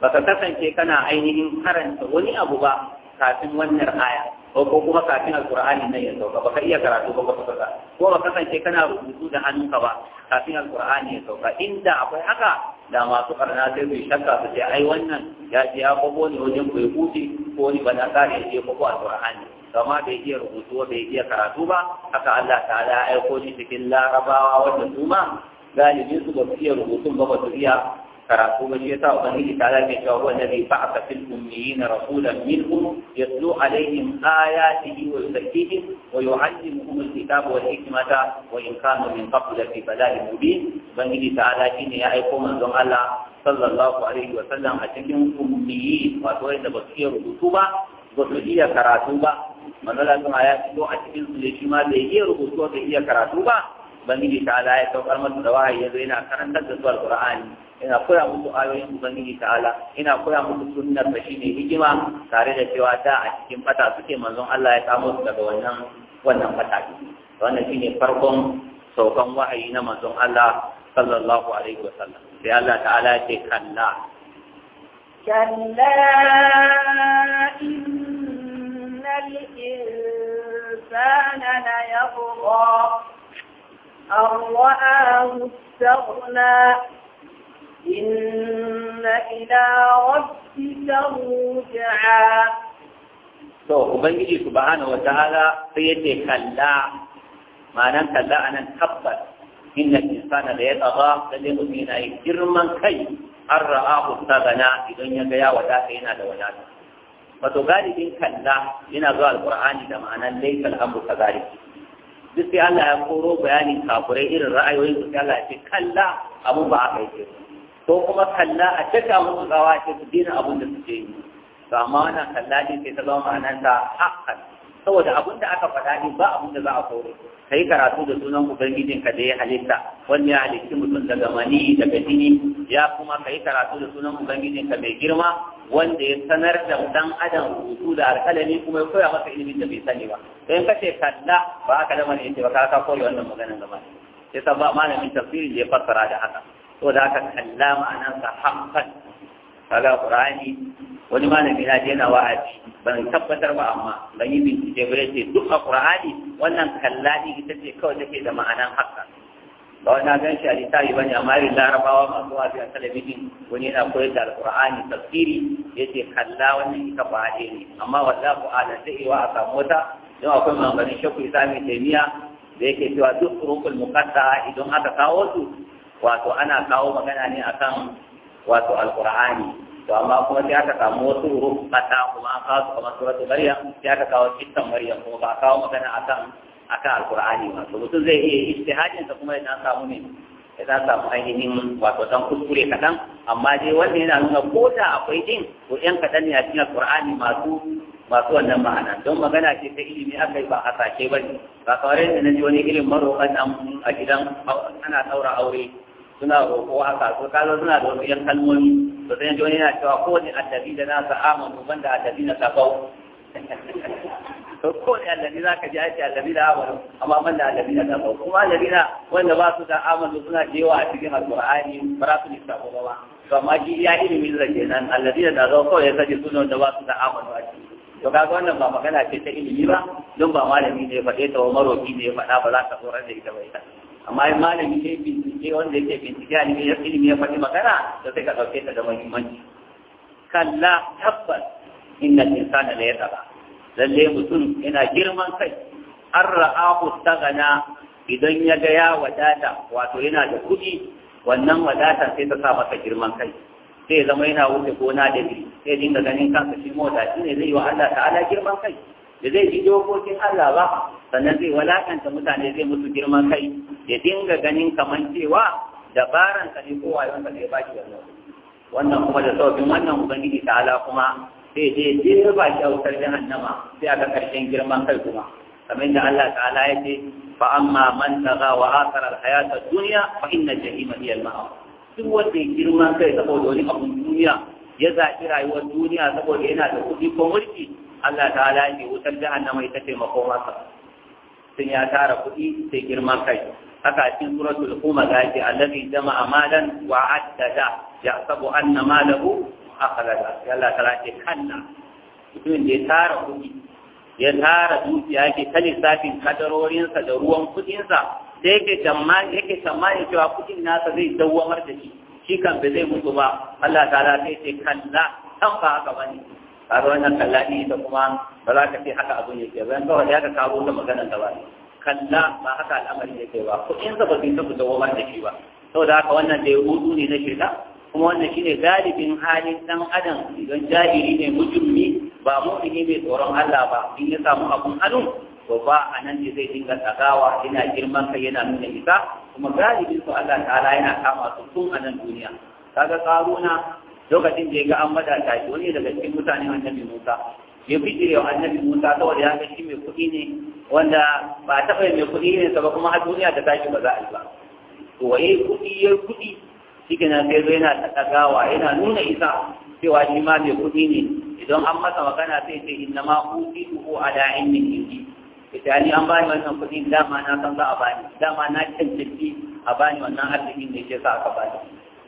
ka kasance kana ainihin karanta wani abu ba kafin wannan aya ko kuma kafin alqur'ani nan ya sauka baka iya karatu ba baka saka ko ba kasance kana rubutu da ka ba kafin alqur'ani ya sauka inda akwai haka da masu karna sai su shakka su ce ai wannan ya ce ya kwabo ne wajen bai huti ko ni ba na kare ya ce kwabo alqur'ani kama bai iya rubutu bai iya karatu ba haka Allah ta'ala ya aiko ni cikin larabawa wanda su ma galibin su ba su iya rubutun ba ba su iya karatu ba shi yasa ubangiji ta na cewa huwa alladhi ba'atha fil ummiyina rasulan minhum yatlu alaihim ayatihi wa yuzakkihim wa yu'allimuhum alkitaba wal hikmata wa in kanu min qablu fi balalin mubin ubangiji ta lafi ya aiko manzon Allah sallallahu alaihi wa sallam a cikin ummiyi wato wanda ba su iya rubutu ba ba su iya karatu ba manzon Allah a cikin su shi ma bai iya rubutu bai iya karatu ba ubangiji ta'ala ya saukar masa da wahayi yanzu yana karantar da zuwa alqur'ani Ina koya musu ayoyin ubangiji ta'ala Ina koya musu sunnar da shine hikima tare da cewa da a cikin fata suke manzon Allah ya samu su daga wannan wannan fata wannan shine farkon saukan wahayi na manzon Allah sallallahu alaihi wasallam sai Allah ta'ala ya ce kalla كلا إن الإنسان ليطغى أن رآه استغنى إن إلى ربك الرجعى to ubangiji subhanahu wataala sai ce kalla ma'anan kalla nan tabbas inna insana la yatagha lalle mutum yana yi girman kai har ra'ahu tagana idan ya gaya ya wadata yana da wadata wato galibin kalla yana zuwa alqur'ani da ma'anan laifin al-amru kadhalika duk sai Allah ya koro bayani kafurai irin ra'ayoyin su Allah ya ce kalla abu ba kai yi ko kuma kalla a cika musu tsawa ce su dina abin da suke yi to amma wannan kalla din sai ta zama da haƙƙan saboda abin da aka faɗa ba abin da za a koro ka yi karatu da sunan ubangijinka da ya halitta wanda ya halitti mutum daga mani daga jini ya kuma ka yi karatu da sunan ubangijinka mai girma wanda ya sanar da dan adam rubutu da alkalami kuma ya koya masa ilimin da bai sani ba in ka ce kalla ba haka da mani ce ba ka kore wannan maganan gaba sai sa ba malamin tafsirin da ya fassara da haka to da haka kalla ma'anarsa haqqan kaga qur'ani wani malami na je na wa'azi ban tabbatar ba amma ban yi bincike ba yace duk a qur'ani wannan kalladi ita ce kawai take da ma'anar haka ba wani gan shi a littafi bane amma irin larabawa masu wafi a talabijin wani yana koyar da alqur'ani tafsiri yace kalla wannan ita ba ne amma wallahu a'lam sai wa a samu wata don akwai maganganun shakku isami taimiya da yake cewa duk rukul muqaddaa idan aka kawo su wato ana kawo magana ne akan wato alqur'ani to amma kuma sai aka samu wasu huruf kata kuma an kawo su kamar suratul maryam sai aka kawo cikin maryam kuma ba kawo magana akan akan alqur'ani ba to mutum zai iya yi ijtihadin sa kuma idan samu ne idan samu ainihin wato dan kuskure kadan amma dai wanda yana nuna ko da akwai din to yan kadan ne a cikin alqur'ani masu masu wannan ma'ana don magana ce ta ilimi akai yi ba hasashe ba ne ba kawai da na ji wani irin maroƙan a gidan ana saura aure suna roƙo haka kasu. kaga suna da wasu yan kalmomi to sai wani yana cewa ko ne addabi da nasa amanu banda addabi na sabau ko ne je a ji ake addabi da amanu amma a addabi na sabau kuma addabi na wanda ba su da amanu suna jewa a cikin alƙur'ani ba su lissa ko ba to amma ji ya ilimin ke nan alladina da zo kawai ya kaji suna wanda ba su da amanu a cikin to kaga wannan ba magana ce ta ilimi ba don ba malami ne ya faɗe ta wa maroki ne ya faɗa ba za ka tsoron da ita ba ita amma yi malami ke bincike wanda yake bincike a ne ilimi ya faɗi magana da sai ka ɗauke ta da muhimmanci kalla tabbas inna na ya yataba lalle mutum yana girman kai an ra'ahu tagana idan ya gaya ya wadata wato yana da kuɗi wannan wadata sai ta sa masa girman kai sai zama yana wuce gona da biyu, sai dinga ganin kansa shi mota shi ne zai yi wa Allah ta'ala girman kai da zai ji dokokin Allah ba sannan zai walakanta mutane zai musu girman kai ya dinga ganin kaman cewa dabaran ka ne ko ya wanda ne ba shi wannan wannan kuma da sauƙin wannan ubangiji ta'ala kuma sai je je ba shi a wutar jahannama sai aka karshen girman kai kuma kamar da Allah ta'ala ya ce fa amma man taga wa akara al-hayata dunya fa inna jahima hiya al-ma'a duk wanda ya girman kai saboda wani abun duniya ya zaɓi rayuwar duniya saboda yana da kuɗi ko mulki Allah ta halaye wutar jahannama ita ce makomarsa sun ya tara kuɗi sai girman kai haka cikin suratul huma ga ce allazi jama amalan wa addada ya sabu anna malahu akhlada Allah ta halaye kanna mutumin da ya tara kuɗi ya tara dukiya ke ta lissafin kadarorinsa da ruwan kuɗinsa sai yake tsammani yake tsammani cewa kuɗin nasa zai dawwamar da shi shi kan ba zai mutu ba Allah ta halaye sai kanna kan ba haka bane kaga wannan kallani da kuma ba za ka ce haka abun ke ba kawai ya ka kawo ta magana ta ba kalla ba haka ya ke ba in zaba ba zai tafi wani da shi ba saboda haka wannan da ya hudu ne na shirka kuma wannan shine galibin halin dan adam idan jahiri ne mujummi ba mu'mini mai tsoron Allah ba in ya samu abun hannu ko ba a nan ne zai dinga tsagawa yana girman kai yana nuna isa kuma galibin su Allah ta'ala yana kama su tun a nan duniya kaga karuna lokacin da ya ga an wadata shi wani daga cikin mutane annabi Musa ya bijire wa annabi Musa saboda ya ga shi mai kuɗi ne wanda ba taɓa mai kuɗi ne sa ba kuma har duniya ta tashi ba za a yi ba to waye kuɗi ya kuɗi shi ke nan sai zo yana taɗagawa yana nuna isa cewa shi ma mai kuɗi ne idan an masa magana sai ce inna ma kuɗi ko ala min ilmi ita ni an bani wannan kuɗi dama na san za a bani dama na cancanci a bani wannan arzikin da ke sa aka bani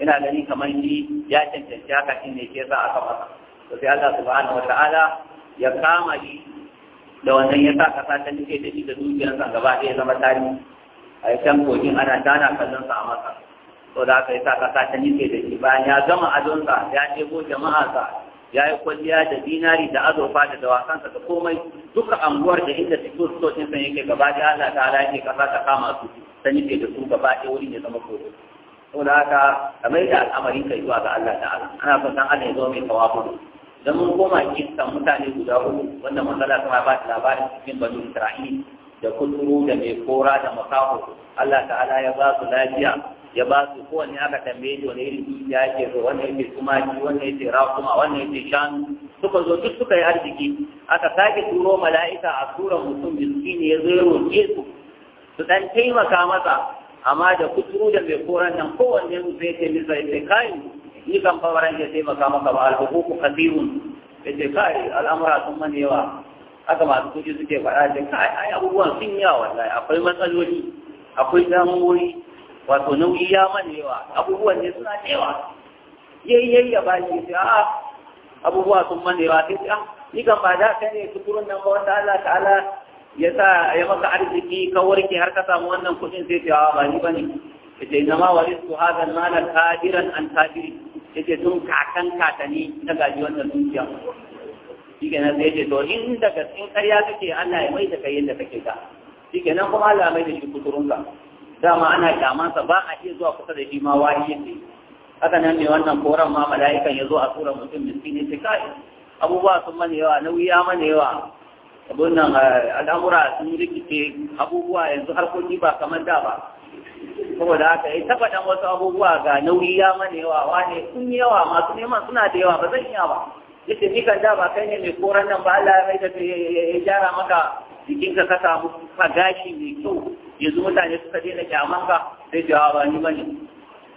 ina gani kamar ni ya cancanci haka shi ne ke sa aka masa to sai Allah subhanahu wata'ala ya kama shi da wannan ya sa kasa ta nike da shi da sa gaba ɗaya zama tarihi a can kogin ana dana kallon sa a masa to da aka yi sa kasa ta nike da shi bayan ya gama adonsa ya ɗebo sa ya yi kwalliya da dinari da azurfa da dawakansa da komai duka anguwar da inda su so sun san yake gaba ɗaya Allah ta ala yake kasa ta kama su ta nike da su gaba ɗaya wurin ya zama kogo Kuna da haka kamar da al'amari ka zuwa ga Allah ta'ala ana son dan Allah ya zo mai tawafu dan mun koma san mutane guda uku wanda matsala kuma ba ta labarin cikin bani Isra'il da kuturu da mai kora da makaho Allah ta'ala ya ba su lafiya ya ba su kowanne aka tambaye shi wani irin ya ke so wannan yake tumaki wannan yake rakuma wannan yake shanu suka zo duk suka yi arziki aka sake turo mala'ika a tura mutum miskini ya zo ya roƙe su su dan taimaka masa amma da kuturu da mai koran nan kowanne mu sai ce misa yace kai ni kan fawaran ya sai maka maka ba al ku kathirun yace kai al'amura sun mani yawa haka masu kuɗi suke faɗa da kai ai abubuwan sun yawa wallahi akwai matsaloli akwai damuwoyi wato nauyi ya mani yawa abubuwan ne suna yawa yayi yayi ya ba shi sai a abubuwa sun mani yawa sai ah, ni kan ba da kai ne kuturun nan ba wanda Allah ta'ala ya sa ya maka arziki kawarki har ka samu wannan kuɗin sai ta ba ni bane ya ce zama warisu hadha al-mala qadiran an ya ce tun kakan katani na gaji wannan dukiya shikenan sai ce to in daga cikin karya kake Allah ya mai da kai yadda kake ka shikenan kuma Allah ya mai da shi kuturunka dama ana kyamansa ba a iya zuwa kusa da shi ma wani yake haka nan ne wannan koran ma mala'ikan ya zo a tura mutum miskini ce kai abubuwa sun mana yawa nauyi ya mana yawa abin eh, al'amura sun rikice abubuwa yanzu harkoki ba kamar da ba saboda haka ya eh, taba dan wasu abubuwa ga nauyi ya mana yawa wane sun yi yawa masu neman suna da yawa ba zan iya ba yace ni kan da ba kai ne mai koran nan ba Allah ya mai ya gyara maka jikinka ka samu ka gashi mai kyau yanzu mutane suka daina kyaman ka zai jawa ni bane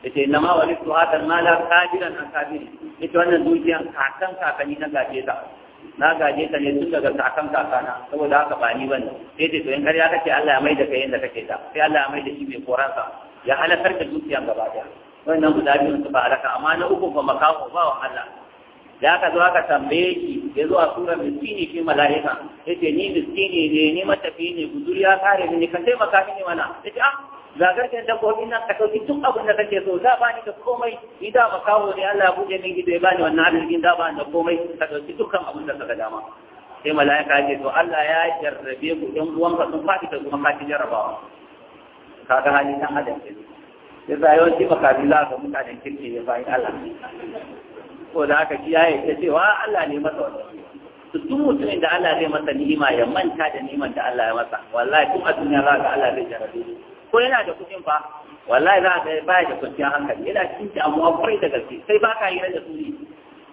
yace na ma wani su hadar mala kabiran an kabirin Ita wannan dukiyan kakan kakanni na gaje ta na gaje ta ne tun daga kakan kakana saboda haka ba ni bane sai dai to in ya kake Allah ya mai da kai yadda kake ta sai Allah ya mai da shi mai koransa ya halakar da dukiya gaba daya wannan guda biyun su ba alaka, amma na uku ba makaho ba wa Allah da aka zo aka tambaye shi ya zo a sura miskini shi mala'ika yace ni miskini ne ni matafi ne guduriya ya kare ni sai taimaka ni mana yace ah zagarken dabbobin nan ka ɗauki duk abin da kake so za ba ni da komai ni ba kawo ne Allah buje min ido ya bani wannan arzikin za ba ni da komai ka ɗauki dukkan abin da kaga dama sai mala'ika ce to Allah ya jarrabe ku ɗan ka sun fadi ka kuma kaci jarrabawa kaga hali nan adam ke ya sa yawanci makafi za ka mutanen kirki ya bayan Allah ko da haka shi ya ta cewa Allah ne masa wannan duk mutumin da Allah zai masa ni'ima ya manta da ni'imar da Allah ya masa wallahi kuma a duniya za ka Allah zai jarrabe ko yana da kuɗin ba wallahi za a ba ya da kwanciyar hankali yana cikin damuwa kwarai da gaske sai ba ka yi da suri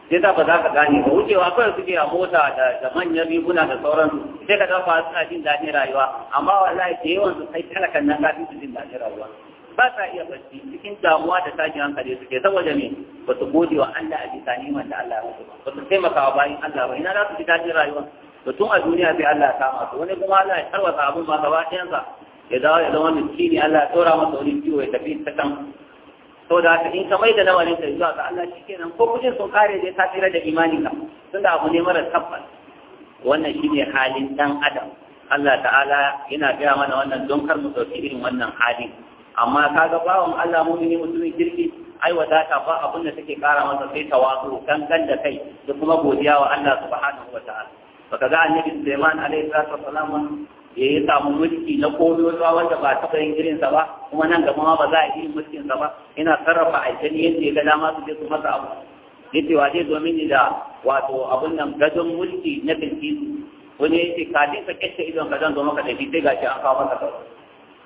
sai za ba za ka gane ba wucewa kawai suke a mota da manyan riguna da sauran sai ka dafa suna jin daɗin rayuwa amma wallahi da yawan su kai talakan nan kafin su jin daɗin rayuwa ba sa iya bacci cikin damuwa da tashin hankali suke saboda me ba su gode wa Allah a bisa niman da Allah ya musu ba su taimaka wa bayan Allah ba ina za su ji daɗin rayuwa to tun a duniya sai Allah ya kama su wani kuma Allah ya tarwata abin ba gaba ɗayansa ya da wani zama Allah ya tsora masa wani ciwo ya tafi ta can. to da haka in ka da lamarin ta zuwa ga Allah shikenan ko kujin sun kare dai ta tsira da imani ka tunda abu ne mara tabbas wannan shine halin dan adam Allah ta'ala yana gaya mana wannan don kar mu dauki irin wannan hali amma kaga bawon Allah mu'mini mutumin kirki ai wadata ba abin da take kara masa sai tawazu gangan da kai da kuma godiya wa Allah subhanahu wa ta'ala baka ga annabi Sulaiman alaihi salatu ya yi samu mulki na komiyotuwa wanda ba taɓa yin irinsa ba kuma nan gaba ma ba za a yi mulkinsa ba ina sarrafa aljani yadda ya ga dama su je su masa abu yace wa zai domin ni da wato abun nan gadon mulki na bilkisu wani ya ce kafin ka kyace idon ka zan zo maka da sai gashi an kawo masa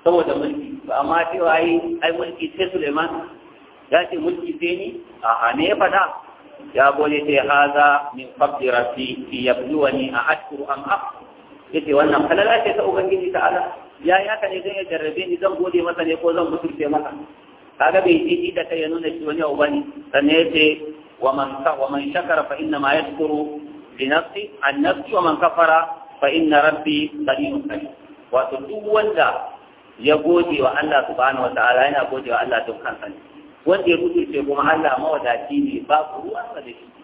saboda mulki ba amma cewa yi ai mulki sai Suleiman ya ce mulki sai ni a hane ya fada ya gode sai haza min fadli ya fi yabluwani a ashkuru an akfur yake wannan halala ce ta ubangiji ta ala ya yi haka ne zai ya jarrabe ni zan gode masa ne ko zan mutunce masa kaga bai ji da kai ya nuna shi wani abu bane sannan yace wa man wa man shakara fa inna ma yashkuru li nafsi an nafsi wa man kafara fa inna rabbi ghaniyyun karim wato duk wanda ya gode wa Allah subhanahu wa ta'ala yana gode wa Allah don kansa ne wanda ya mutunce kuma Allah mawadaci ne ba ruwan sa da shi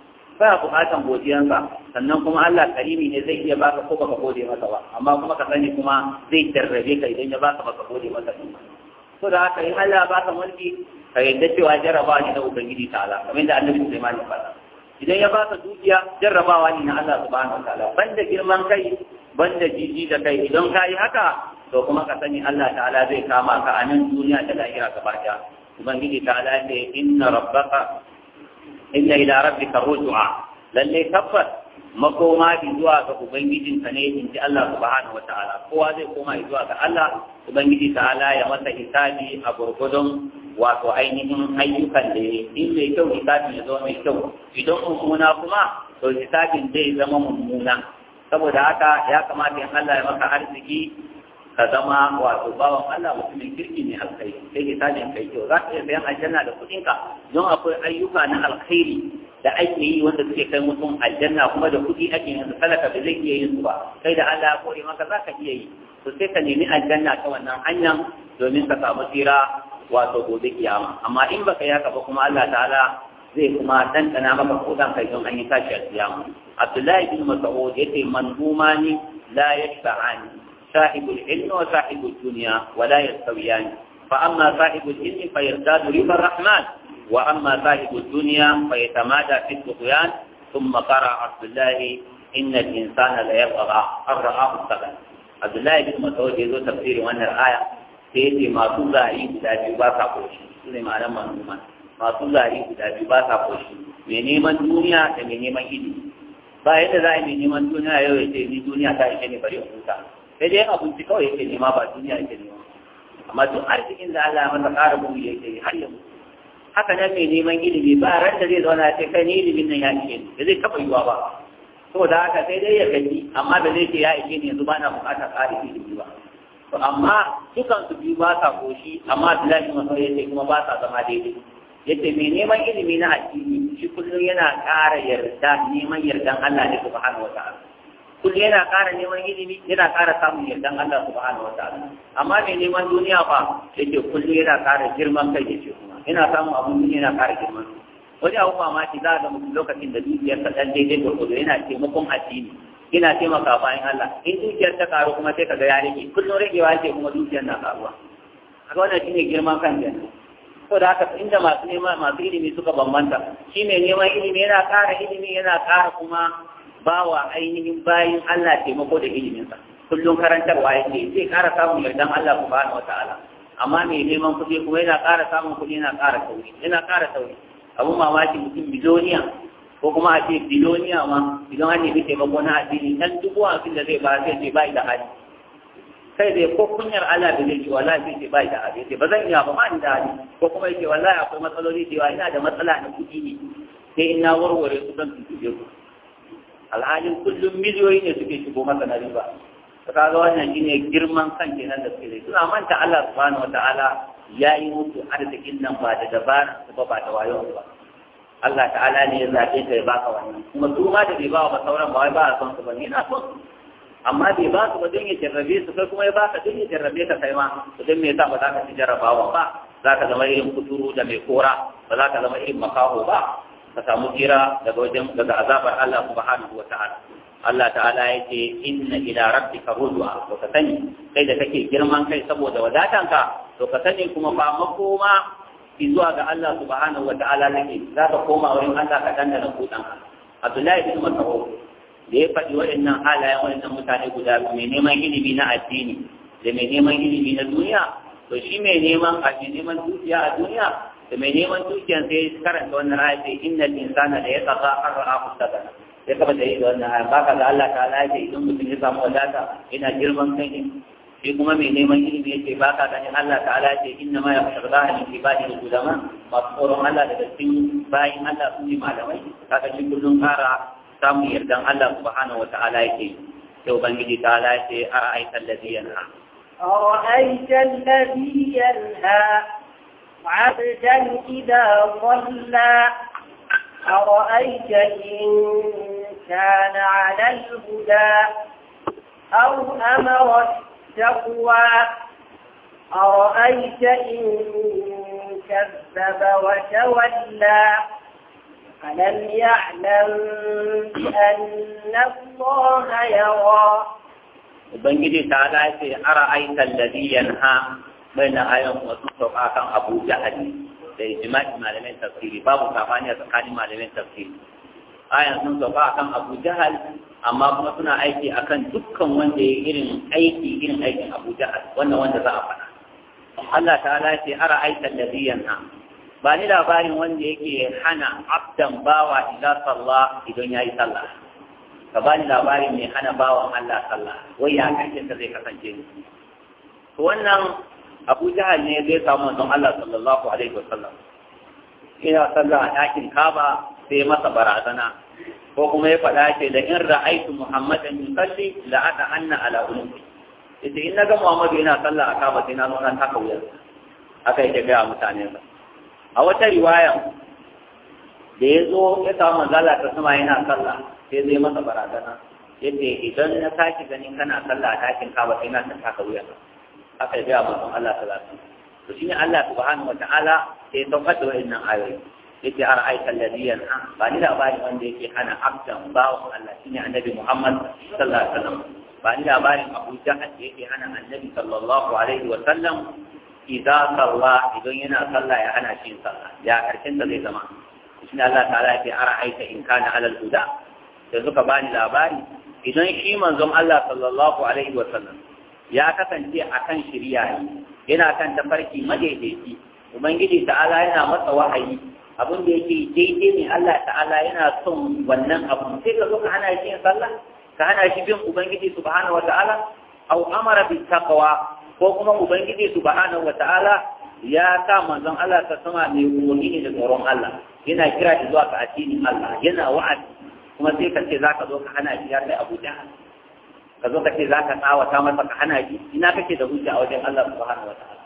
ba bukatan godiyansa sannan kuma Allah karimi ne zai iya baka ko baka gode masa ba amma kuma ka sani kuma zai tarrabe ka idan ya baka baka gode masa din to da haka in Allah baka mulki ka yadda cewa jarrabawa ne na ubangiji ta'ala kamar da annabi Sulaiman ya faɗa idan ya baka dukiya jarrabawa ne na Allah subhanahu wataala banda girman kai banda jiji da kai idan ka yi haka to kuma ka sani Allah ta'ala zai kama ka a nan duniya da lahira gaba ɗaya ubangiji ta'ala ce inna rabbaka inna ila rabbika ruj'a lalle tabbas makoma zuwa ga ubangijin ka ne inji Allah subhanahu wataala kowa zai koma zuwa ga Allah ubangiji ta'ala ya masa hisabi a gurgudun wato ainihin ayyukan da ya in mai kyau hisabin ya zama mai kyau idan mummuna kuma to hisabin zai zama mummuna saboda haka ya kamata in Allah ya maka arziki ka zama wato bawan Allah mutumin kirki ne alkhairi sai hisabin kai kyau za ka iya bayan aljanna da kuɗinka don akwai ayyuka na alkhairi da ake yi wanda suke kai mutum aljanna kuma da kuɗi ake yin su talaka ba zai iya yin su ba kai da Allah ya kore maka za ka iya yi to sai ka nemi aljanna ta wannan hanyar domin ka samu tsira wato gobe kiyama amma in baka yaka ba kuma Allah ta'ala zai kuma dandana maka kodan kai don an yi tashi a kiyama Abdullahi bin Mas'ud yace man humani la yashfa'ani صاحب العلم وصاحب الدنيا ولا يستويان فأما صاحب العلم فيزداد رضا الرحمن وأما صاحب الدنيا فيتمادى في الطغيان ثم قرأ عبد الله إن الإنسان ليبغى أن رآه الصغر عبد الله بن مسعود يزو تفسير وأن الآية سيدي ما تزعي إذا جباسة قوشي سيدي ما لما نمان ما تزعي إذا جباسة قوشي من نيمان الدنيا من نيمان إلي فهذا ذا من نيمان الدنيا يوجد الدنيا تايشني بريء sai dai abinci kawai yake nema ba duniya yake nema amma duk arzikin da Allah masa ƙara mu yake har yanzu haka nan mai neman ilimi ba ran da zai zauna sai kai ne ilimin nan ya ishe ni da zai taɓa yiwa ba saboda haka sai dai ya gaji amma ba zai ce ya ishe ni yanzu ba na buƙatar ƙara ilimi ba to amma dukan su biyu ba sa koshi amma Abdullahi Masau ya ce kuma ba sa zama daidai ya mai neman ilimi na addini shi kullum yana ƙara yarda neman yardan Allah ne subhanahu wa ta'ala kullum yana ƙara neman ilimi yana ƙara samun yardan Allah subhanahu wataala amma mai neman duniya fa? yake kulli yana ƙara girman kai yake kuma yana samun abun duniya yana ƙara girman wani abu mamaki za a ga mutum lokacin da dukiyarsa ɗan daidai da kudu yana taimakon addini yana taimaka bayan Allah in dukiyar ta karu kuma sai ga ya rage kullum ragewa ce kuma dukiyar na karuwa kaga wannan shine girman kan kenan saboda da haka inda masu neman masu ilimi suka bambanta shi mai neman ilimi yana ƙara ilimi yana ƙara kuma ba wa ainihin bayin Allah taimako da iliminsa kullum karantarwa yake zai ƙara samun yardan Allah subhanahu wata'ala amma mai neman kuɗi kuma yana ƙara samun kuɗi yana ƙara sauri yana ƙara sauri abun mamaki mutum biloniya ko kuma a ce biloniya ma idan an nemi taimako na addini duk dubu abin da zai ba zai ce bai da hali kai zai ko kunyar Allah da zai ce "Wala zai ce bai da hali zai ba zan iya ba ma da hali ko kuma yake wallahi akwai matsaloli da yawa ina da matsala na kuɗi ne sai in na warware su don tuje ku alhalin kullum miliyoyi ne suke shigo masa na riba ta ga wannan shine girman kan kenan da suke suna manta Allah subhanahu ta'ala ya yi musu arzikin nan ba da dabara ba ba da wayo ba Allah ta'ala ne ya zaɓe ka ya baka wannan kuma su ma da bai ba wa sauran ba wai ba a son su ba ni na son amma bai ba su ba don ya jarrabe su kai kuma ya baka don ya jarrabe ka kai ma don me yasa ba za ka ci jarrabawa ba za ka zama irin kuturu da mai kora ba za ka zama irin makaho ba ka samu kira daga wajen daga azabar Allah subhanahu wa ta'ala Allah ta'ala ya ce inna ila rabbika rujwa to ka sani kai da kake girman kai saboda wadatanka to ka sani kuma ba makoma zuwa ga Allah subhanahu wa ta'ala nake za ka koma wurin Allah ka dandana kudan Abdullahi bin Mas'ud da ya faɗi waɗannan halayen waɗannan mutane guda mai neman ilimi na addini da mai neman ilimi na duniya to shi mai neman addini neman dukiya a duniya da mai neman dukiyan sai karanta wannan aya sai innal insana da ya tsaka har ra'ahu ya kaba da da wannan aya baka da Allah ta lafi idan mutum ya samu wadata yana girman kai shi kuma mai neman ilimi yake baka ganin Allah ta'ala ce inna ma yakhshallaha min ibadihi ulama masu tsoron Allah daga cikin bayin Allah su ne malamai kaga shi kullum fara samun yardan Allah subhanahu wa ta'ala yake to bangiji ta'ala ce a aita alladhi yanha أرأيت الذي ينهى عبدا إذا صلى أرأيت إن كان على الهدى أو أمر التقوى أرأيت إن كذب وتولى ألم يعلم بأن الله يرى بنجي تعالى أرأيت الذي ينهى bayanan ayan kuma sun sauka kan Abu da ijma'i malamin tafsiri babu sabani a tsakanin malamin tafsiri ayan sun sauka kan Abu Jahal amma kuma suna aiki akan dukkan wanda ya irin aiki irin aikin Abu Jahal wannan wanda za a faɗa Allah ta'ala ya ce ara aita alladhi ha? ba ni labarin wanda yake hana abdan bawa idan sallah idan yayi sallah ka ba ni labarin mai hana bawan Allah sallah wai ya karshen ta zai kasance ni wannan abu jahal ne zai samu don Allah sallallahu alaihi wasallam ina sallah a ɗakin kaba sai masa barazana ko kuma ya faɗa ce da in ra'aitu muhammadan yusalli la ada anna ala ulumi yace in naga muhammadu yana sallah a kaba sai na zo nan haka wuya haka yake ga mutane ba a wata riwaya da ya zo ya samu manzala ta sama yana sallah sai zai masa barazana yace idan na sake ganin kana sallah a ɗakin kaba sai na san haka wuya haka ya gaya manzon Allah sallallahu alaihi to shine Allah subhanahu wataala sai saukar da wa'annan ayoyi yake har aika alladhi yanha ba ni labari wanda yake hana abdan bawo Allah shine annabi Muhammad sallallahu alaihi wasallam ba ni labarin Abu Jahl yake hana annabi sallallahu alaihi wasallam idan salla idan yana sallah ya hana shi sallah ya karshen da zai zama shi Allah ta'ala ya ce ara aika in kana alal huda da suka bani labari idan shi manzon Allah sallallahu alaihi wasallam ya kasance akan shirya ne yana kan tafarki madaidaici ubangiji ta'ala yana masa wahayi abin da yake daidai ne Allah ta'ala yana son wannan abu sai ka zo ka hana shi yin sallah ka hana shi bin ubangiji subhanahu wata'ala Au amara bi taqwa ko kuma ubangiji subhanahu wata'ala ya sa manzon Allah ta sama mai umarni ne da tsoron Allah yana kira shi zuwa ga addinin Allah yana wa'azi kuma sai ka ce zaka zo ka hana shi ya kai Abuja. ka zo kace za ka tsawata masa ka hana shi ina kake da hujja a wajen Allah subhanahu wa ta'ala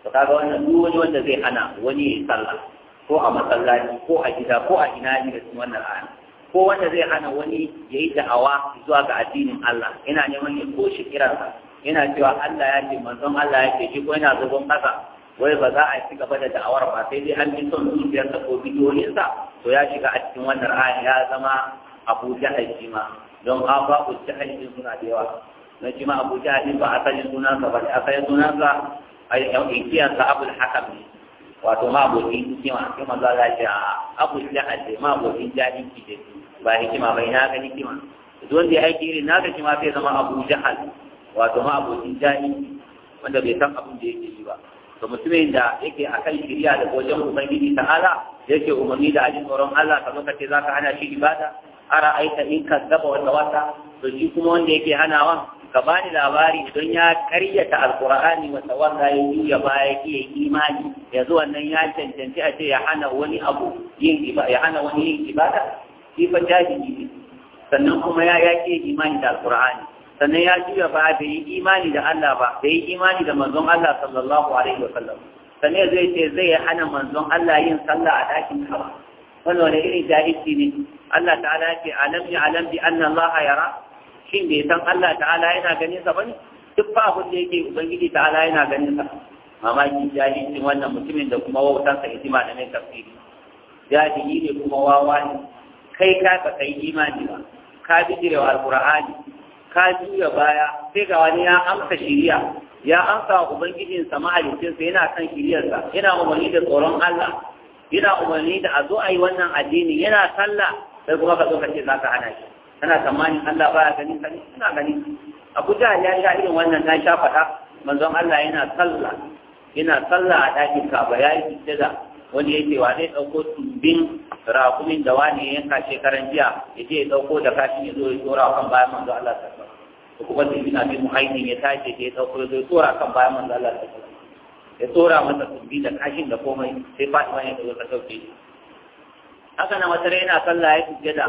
to kaga wannan duk wani wanda zai hana wani ya sallah ko a masallaci ko a gida ko a ina ne da wannan aya ko wanda zai hana wani ya yi da'awa zuwa ga addinin Allah ina neman ya koshi kiransa ina cewa Allah ya ce manzon Allah ya ce shi ko yana zagon kasa wai ba za a ci gaba da da'awar ba sai dai an yi son zuciyarsa ko bidiyoyinsa to ya shiga a cikin wannan aya ya zama abu jahal shi ma don aba uci hajjin suna da yawa na shi ma abu jahil ba asalin sunansa ba ne asalin sunansa a ikiyarsa abul hakam ne wato ma abokin hikima a manzo Allah ya ce abu jahil ne ma abokin jahilci ne ba kima bai na gani kima. don da aiki irin na shi ma sai zama abu jahil wato ma abokin jahilci wanda bai san abin da yake yi ba To mutumin da yake a kan shirya da wajen ubangiji ta'ala yake umarni da ajin tsoron Allah ka lokaci za ka hana shi ibada a aita in kazzaba wanda wata to shi kuma wanda yake hanawa ka ba ni labari don ya karyata alkur'ani wata wanda ya yi ya baya ke imani ya zuwa nan ya cancanci a ce ya hana wani abu yin ya hana wani yin ibada shi fa jahili ne sannan kuma ya ya ke imani da alkur'ani sannan ya juya ba bai yi imani da Allah ba bai yi imani da manzon Allah sallallahu alaihi wa sallam sannan zai ce zai hana manzon Allah yin sallah a dakin Ka'aba wani wani irin jahilci ne Allah ta'ala ce alam ya alam bi anna Allah yara shin bai san Allah ta'ala yana ganin sa bane duk ba abin da yake ubangiji ta'ala yana ganin sa mamaki jahilcin wannan mutumin da kuma wautansa hikima da mai tafsiri jahili ne kuma wawa ne kai ka ka kai imani ba ka bijirewa alqur'ani ka juya baya sai ga wani ya amsa shiriya ya amsa wa ubangijinsa mahalicinsa yana kan shiriyarsa yana umarni da tsoron Allah yana umarni da a zo a yi wannan addini yana sallah sai kuma ka zo ka ce za ka hana shi kana tsammanin Allah baya ganin ka suna ina ganin A Jahl ya sha irin wannan na sha faɗa manzon Allah yana sallah yana sallah a ɗakin Ka'aba ya yi sujjada wani yake wa zai ɗauko tumbin rakumin da wani ya yanka shekaran jiya ya je ya ɗauko da kashin ya zo ya tsora kan bayan manzon Allah sallallahu alaihi wasallam ko kuma tumbin abin muhaidin ya tashi ya ɗauko ya zo ya tsora kan bayan manzon Allah sallallahu alaihi wasallam ya tsora masa tumbi da kashin da komai sai fatima ya zo ta sauke haka na wata yana sallah ya da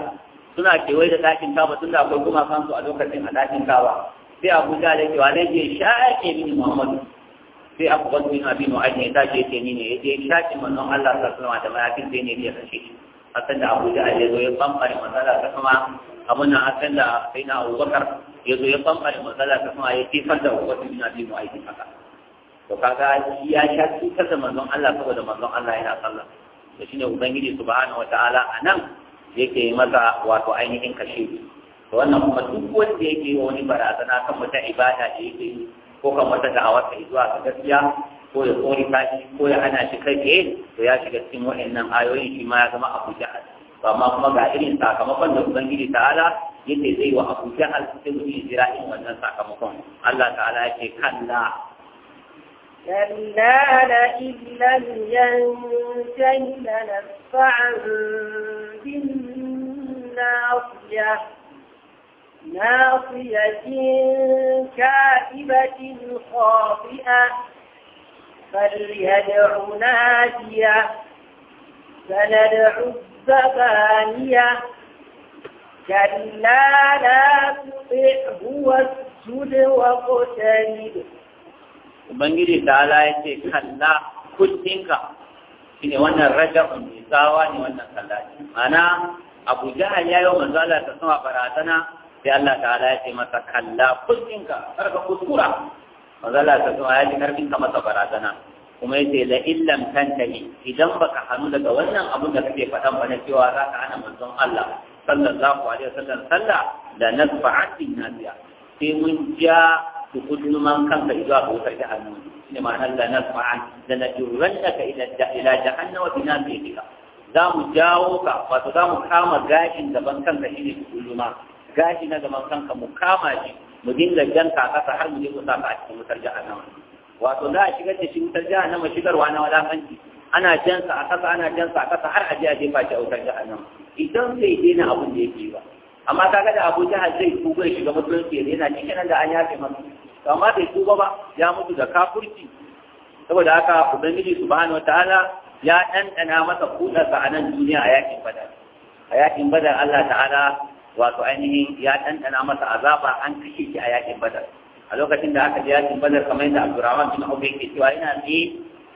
suna kewaye da ɗakin kaba tun da akwai gumakan su a lokacin a ɗakin kaba sai abu da da cewa ne je shaƙe mini muhammadu sai abu wasu yin abi mu'ayyid ya tashi yake ni ne ya je shaƙe manon Allah ta alaihi wasallam da mayafin sai ne ya kashe shi hakan da abu da ya zo ya bambare matsala ta kuma abun nan hakan da sai na abubakar ya zo ya bambare matsala ta kama ya kifar da abu bin abi mu'ayyid haka to kaga ya sha cutar da manzon Allah saboda manzon Allah yana sallah to shine ubangiji subhanahu wataala anan yake masa wato ainihin kashe to wannan kuma duk wanda yake wani barazana kan wata ibada da yake ko kan wata da'awar ta zuwa ga gaskiya ko ya tsori tashi ko ya hana shi kai tsaye to ya shiga cikin waɗannan ayoyi shi ma ya zama abu jahal amma kuma ga irin sakamakon da ubangiji ta'ala yake zai wa abu jahal sai mutum jira irin wannan sakamakon Allah ta'ala yake kalla كلا لئن لم ينته لنفعا بالناصية ناصية كائبة خاطئة فليدع نادية سندع الزبانية كلا لا تطعه واسجد واقترب ubangiji ta ala ya ce kalla kudinka shi ne wannan raja, ne tsawa ne wannan kalla ne mana abu jahal ya yi manzo Allah ta sama barazana sai Allah ta ala ya ce masa kalla kudinka karka kuskura manzo Allah ta sama ya ji karfin ka masa barazana. kuma ya ce la'illan lam tantahi idan baka hannu daga wannan abun da kake faɗan ba na cewa za ka hana manzon Allah sallallahu alaihi sallar sallah da nasfa'atin nasiya sai mun ja to kullu man kanka zuwa ga wutar jahannama shine ma'anar la nasma'an da na yurannaka ila ila jahannama bi nafi'ika za mu jawo ka za mu kama gashin gaban kanka shine kullu ma mu kama shi mu dinga jan kasa har mu mu saka a cikin wutar jahannama wato za a shigar da shi wutar jahannama shigarwa na wadatanci ana jansa a a kasa har a je shi a wutar idan daina ba amma kaga da Abu zai tuba ya shiga musulunci yana cikin da an yafe kama da tuba ba ya mutu da kafurci saboda haka ubangiji subhanahu wataala ya ɗanɗana masa kudarsa a nan duniya a yakin badar a yakin badar Allah ta'ala wato ainihin ya ɗanɗana masa azaba an kashe shi a yakin badar a lokacin da aka je yakin badar kamar yadda Abdurrahman bin Auf yake cewa ina ne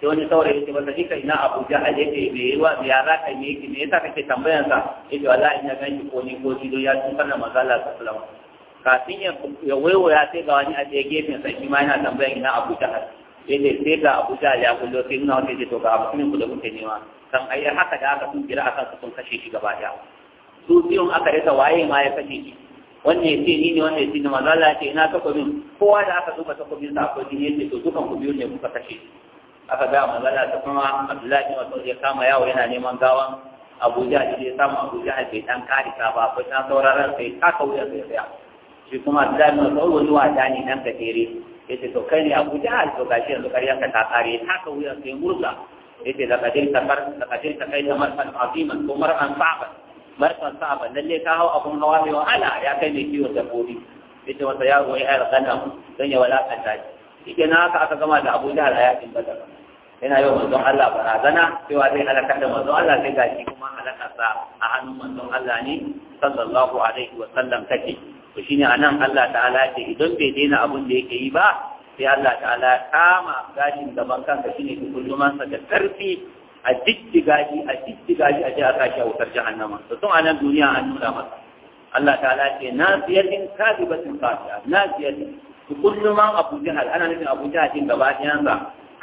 sai wani saurayi yake masa shi ka ina Abu Jahal yake me yawa me ya zaka me yake me yasa kake tambayan sa yake wallahi ina ganin ko ni ko shi don ya tun da manzo Allah sallallahu alaihi wasallam kafin ya waiwaya sai ga wani a tsaye gefen sa shi ma yana tambayan ina Abuja har hasi ya sai ga Abuja ya kullo sai nuna wata ce to ga abu ne kullum kuke nema kan ai haka da aka sun kira akan su sun kashe shi gaba daya su biyun aka rasa waye ma ya kashe shi wannan ya ce ni ne wannan ya ce ni maza Allah ce ina takobin kowa da aka duba takobin sa akwai jini ya ce to dukan ku biyu ne kuka kashe shi aka ga maza Allah ta kuma Abdullahi bin Mas'ud ya kama yawo yana neman gawan Abuja da ya samu Abuja bai dan karika ba akwai dan sauraron sai ka kauya sai ya shi kuma Abdullahi bin Mas'ud wani wata ne dan katere yace to kai ne Abu a to gashi yanzu ƙarya ka ta kare ta ka wuya sai murza yace da kadir ta da kadir ta kai ta marfan aziman ko marfan sa'ban marfan sa'ban ne ka hau abun hawa mai wahala ya kai mai kiwon dabbobi yace wata yaro ya hayar kana don ya wala kan tashi shike na haka aka gama da Abu Jahal a yakin Badar yana yau manzon Allah barazana cewa zai halaka da manzon Allah sai gashi kuma halaka sa a hannun manzon Allah ne sallallahu alaihi wa sallam take to shine anan Allah ta'ala ce idan bai daina abin da yake yi ba sai Allah ta'ala kama gashin gaban kanka shine tukulluman sa da ƙarfi a diddigaji a diddigaji a jihar kashi a wutar jahannama to tun anan duniya an nuna masa Allah ta'ala ce na ziyarin kadibatin fasiya na ziyarin tukulluman abu jihar ana nufin abu jihar cikin gaba ɗayansa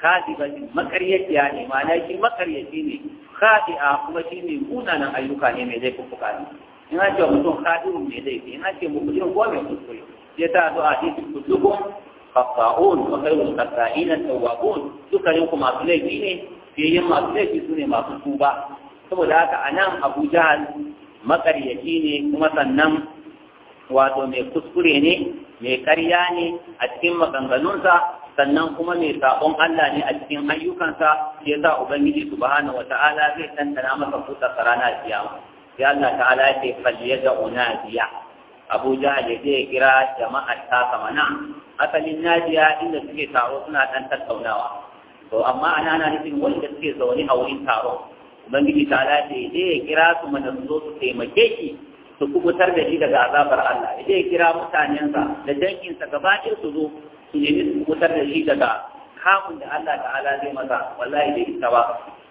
kadibatin makaryaciya ne ma'ana shi makaryaci ne khadi'a kuma shi ne munanan ayyuka ne mai zai fufuka ne Ina ce mutum kadirun mai laifi Ina an ce mukulirin ko mai kuskure sai ta zo a hadisi kullukum khata'un wa khayrul khata'ina tawwabun dukkanin ku masu laifi ne fiyayyen masu laifi su ne masu tuba saboda haka a nan abu jahal makaryaci ne kuma sannan wato mai kuskure ne mai karya ne a cikin maganganunsa sannan kuma mai saƙon Allah ne a cikin ayyukansa ya sa Ubangiji subhanahu wata'ala zai tantana masa kutar rana kiyama sai Allah ta'ala ya ce falyada unadiya Abu Jahal ya je kira jama'ar ta kamana asalin Nadiya inda suke taro suna dan tattaunawa to amma ana ana nufin wanda suke zaune a wurin taro Ubangiji ta'ala ce je ya kira su mana zo su taimake shi su kubutar da shi daga azabar Allah ya je ya kira mutanensa da danginsa gaba ɗaya su zo su nemi su kubutar da shi daga kamun da Allah ta'ala zai masa wallahi da isa ba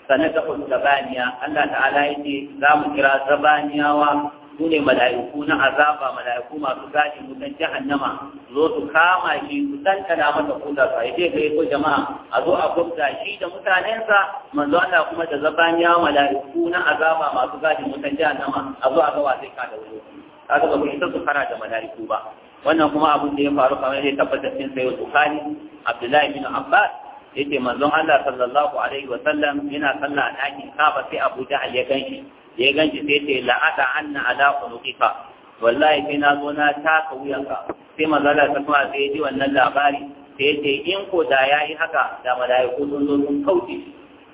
sanadahu gabaniya Allah ta'ala ce za mu kira zabaniyawa su ne mala'iku na azaba mala'iku masu gadi mutan jahannama zo su kama shi su tantana masa kuda sai yace kai ko jama'a a zo a gubta shi da mutanensa manzo Allah kuma da zabaniyawa mala'iku na azaba masu gadi mutan jahannama a zo a gawa sai ka da wuri kaga ba mu isa su fara da mala'iku ba wannan kuma abin da ya faru kamar yadda tabbatar cikin sayyid bukhari abdullahi bin abbas yake manzon Allah sallallahu alaihi wa sallam yana sallah a ɗakin Ka'aba sai Abu Jahal ya ganshi ya ganshi sai ce la'ata anna ala qulubika wallahi sai na zo na taka wuyanka sai manzon Allah sallallahu alaihi sai ya ji wannan labari sai ce in ko da yayi haka da malaiku sun zo sun kauce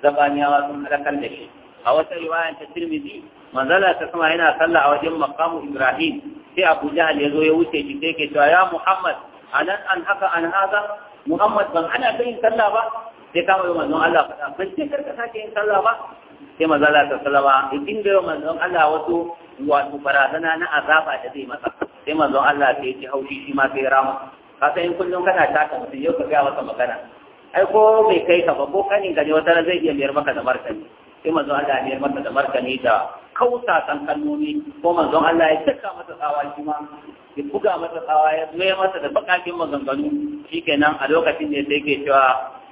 zabaniyawa sun halakar da shi a wata riwaya ta Tirmidhi manzon Allah sallallahu yana sallah a wajen maqamu Ibrahim sai Abu Jahal ya zo ya wuce shi sai ke cewa ya Muhammad anan an haka an haza Muhammad ban ana kai yin sallah ba sai kama yi manzon Allah faɗa ban ce karka sake yin sallah ba sai manzon Allah ta sallama ya dinga yi manzon Allah wato wato barazana na azaba da zai masa sai manzon Allah sai ya haushi shi ma sai rama ka san in kullum kana taka mutum yau ka saya masa magana ai ko bai kai ka ba ko kanin ka ne wata zai iya biyar maka da martani sai manzon Allah ya mata da martani da kausa san kalmomi ko manzon Allah ya saka masa tsawa shi ma ya buga masa tsawa ya zo ya masa da bakakin maganganu kenan a lokacin ne sai ke cewa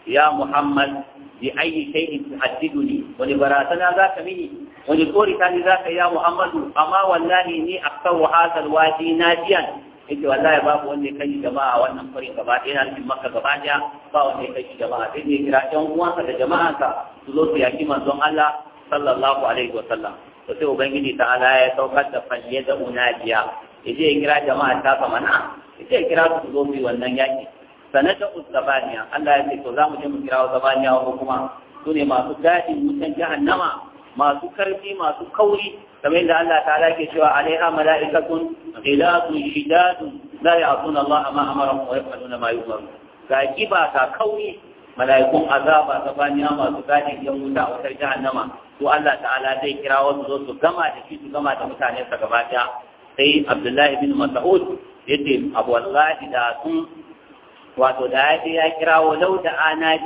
ya Muhammad bi ayi shay'in tuhaddiduni wani baratana za ka mini wani tsori ta ni za ka ya Muhammadu amma wallahi ni aktaru hadal wadi nadiyan yake wallahi babu wanda ya kai jama'a wannan farin gaba ɗaya na cikin makka gaba ɗaya ba wanda ya kai jama'a sai ne kira ɗan uwansa da jama'ansa su zo su yaki manzon Allah sallallahu alaihi wa sallam to sai ubangiji ta ala ya saukar da falle da unajiya yaje ya kira jama'a ta sama na yaje ya kira su zo su yi wannan yaki sanata usabaniya Allah ya ce to za mu je mu kira usabaniya ko kuma su ne masu gadin mutan jahannama masu karfi masu kauri kamar yadda Allah ta'ala ke cewa alaiha mala'ikatun ghiladun shidadun la ya'tuna Allah ma amarahum wa yaf'aluna ma yu'marun ga kiba ka kauri mala'ikun azaba gabaniya masu gadi yan wuta a wutar jahannama to Allah ta'ala zai kira wasu zo su gama da shi su gama da mutane sa gaba sai Abdullahi bin Mas'ud yace abu wallahi da sun wato da ya ya kirawo lauda da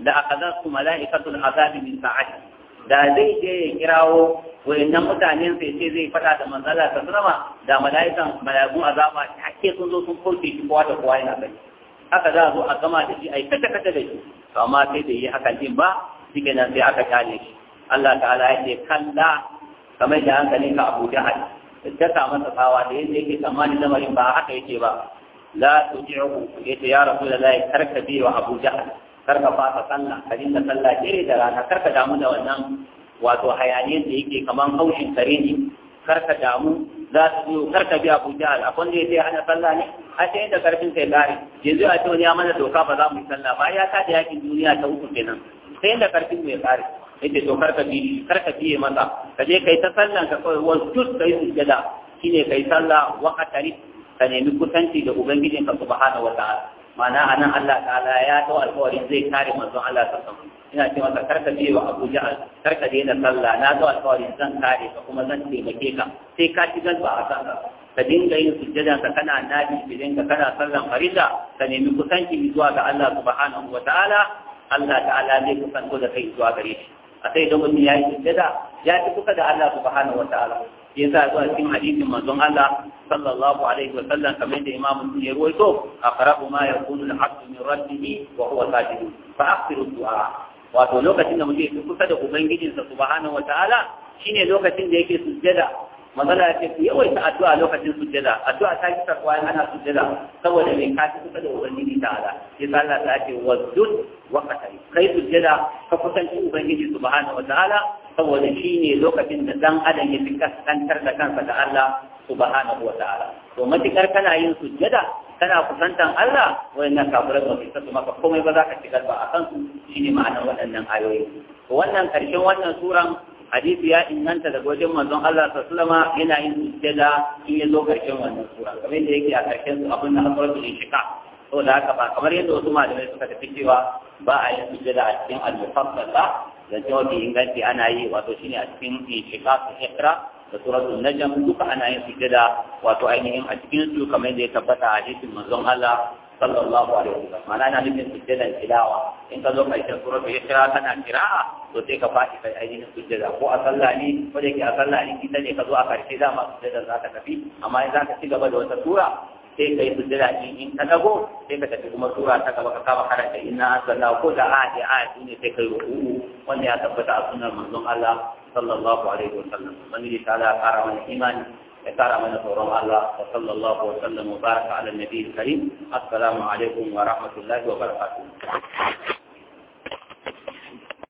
da aka su mala'ikatul azabi min sa'ati da zai je ya kirawo wayannan mutanen sai ce zai fada da manzala ta sama da mala'ikan mala'ikun azaba ke sun zo sun kurce shi kowa da kowa yana sani haka za a zo a gama da shi a yi kata da shi to amma sai bai yi hakan din ba shi kenan sai aka kyale shi Allah ta'ala ya ce kalla kamar da hankalin ka Abu Jahal ta sa masa tsawa da yadda yake tsammanin lamarin ba haka yake ba la tuji'u yace ya rasulullahi karka bi wa Abu Jahal kar ka fasa sallah ka dinga sallah dare da rana kar ka damu da wannan wato hayaniyar da yake kaman haushin kare ne kar ka damu za su biyo kar ka biya Abu Jahal akwai da ce hana sallah ne a ce da karfin sai gari yanzu a ce wani ya mana doka ba za mu yi sallah ba ya ta da yakin duniya ta uku kenan sai da karfin mai gari ce to kar ka bi kar ka biye masa ka je kai ta sallan ka kawai wani tut kai su sujjada shine kai sallah waqtari ka nemi kusanci da ubangijinka subhanahu wa ta'ala ma'ana anan Allah ta'ala ya dau alƙawarin zai kare manzon Allah ta sama ina ce masa karka ce wa Abu Ja'al karka daina sallah na dau alƙawarin zan kare ka kuma zan taimake ka sai ka ci galba a kanka ka dinga yin sujjada ka kana nadi bidin ka kana sallan farida ka nemi kusanci zuwa ga Allah subhanahu wa ta'ala Allah ta'ala zai kusanto da kai zuwa gare shi a sai da mutum ya yi sujjada ya ci kusa da Allah subhanahu wa ta'ala yasa zuwa cikin hadisin manzon Allah sallallahu alaihi wa sallam kamar da imamu sun ya ruwaito aqrabu ma yakunu al-abdu min rabbih wa huwa sajid fa akthiru du'a wato lokacin da muke ya kusa da ubangijinsa subhanahu wa ta'ala shine lokacin da yake sujjada magana ya ce yawaita addu'a lokacin sujjada addu'a ta ki takwa ana sujjada saboda mai ka kusa da ubangiji ta'ala Yasa Allah ta ce wasjud wa qatar kai sujjada ka kusanci ubangiji subhanahu wa ta'ala saboda shi ne lokacin da dan adam ya fi da kansa da Allah subhanahu wa ta'ala to matukar kana yin sujjada kana kusantan Allah wayannan kafirai ba su tafi maka komai ba za ka shigar ba akan su shine ma'anar waɗannan ayoyi to wannan karshen wannan suran hadisi ya inganta daga wajen manzon Allah sallallahu alaihi yana yin sujjada in ya zo karshen wannan sura kamar yadda yake a karshen su abin da asratul inshiqa to da haka ba kamar yadda wasu malamai suka tafi cewa ba a yin sujjada a cikin al-mufassal ba da jawabi inganci ana yi wato shi ne a cikin inshiqaq iqra da suratul najm duka ana yin sujada wato ainihin a cikin su kamar da ya tabbata a hadisin manzon Allah sallallahu alaihi wasallam mana na nufin sujjadan tilawa in ka zo kai karshen suratul iqra kana qira'a to sai ka faɗi kai ainihin sujada ko a sallah ne ko da yake a sallah ne kita ne ka zo a karshe dama sujjadan za ka tafi amma in za ka ci gaba da wata sura sai ka yi sujjada in in ka dago sai ka tafi kuma tura ta gaba ka kama karanta ina, sallahu ko da ayi ce ne sai ka yi ruku wanda ya tabbata a sunan manzon Allah sallallahu alaihi sallam, wani ta Allah kara mana imani ya kara mana tsoron Allah wa sallallahu wa sallam wa baraka ala nabiyil karim assalamu alaikum wa rahmatullahi wa barakatuh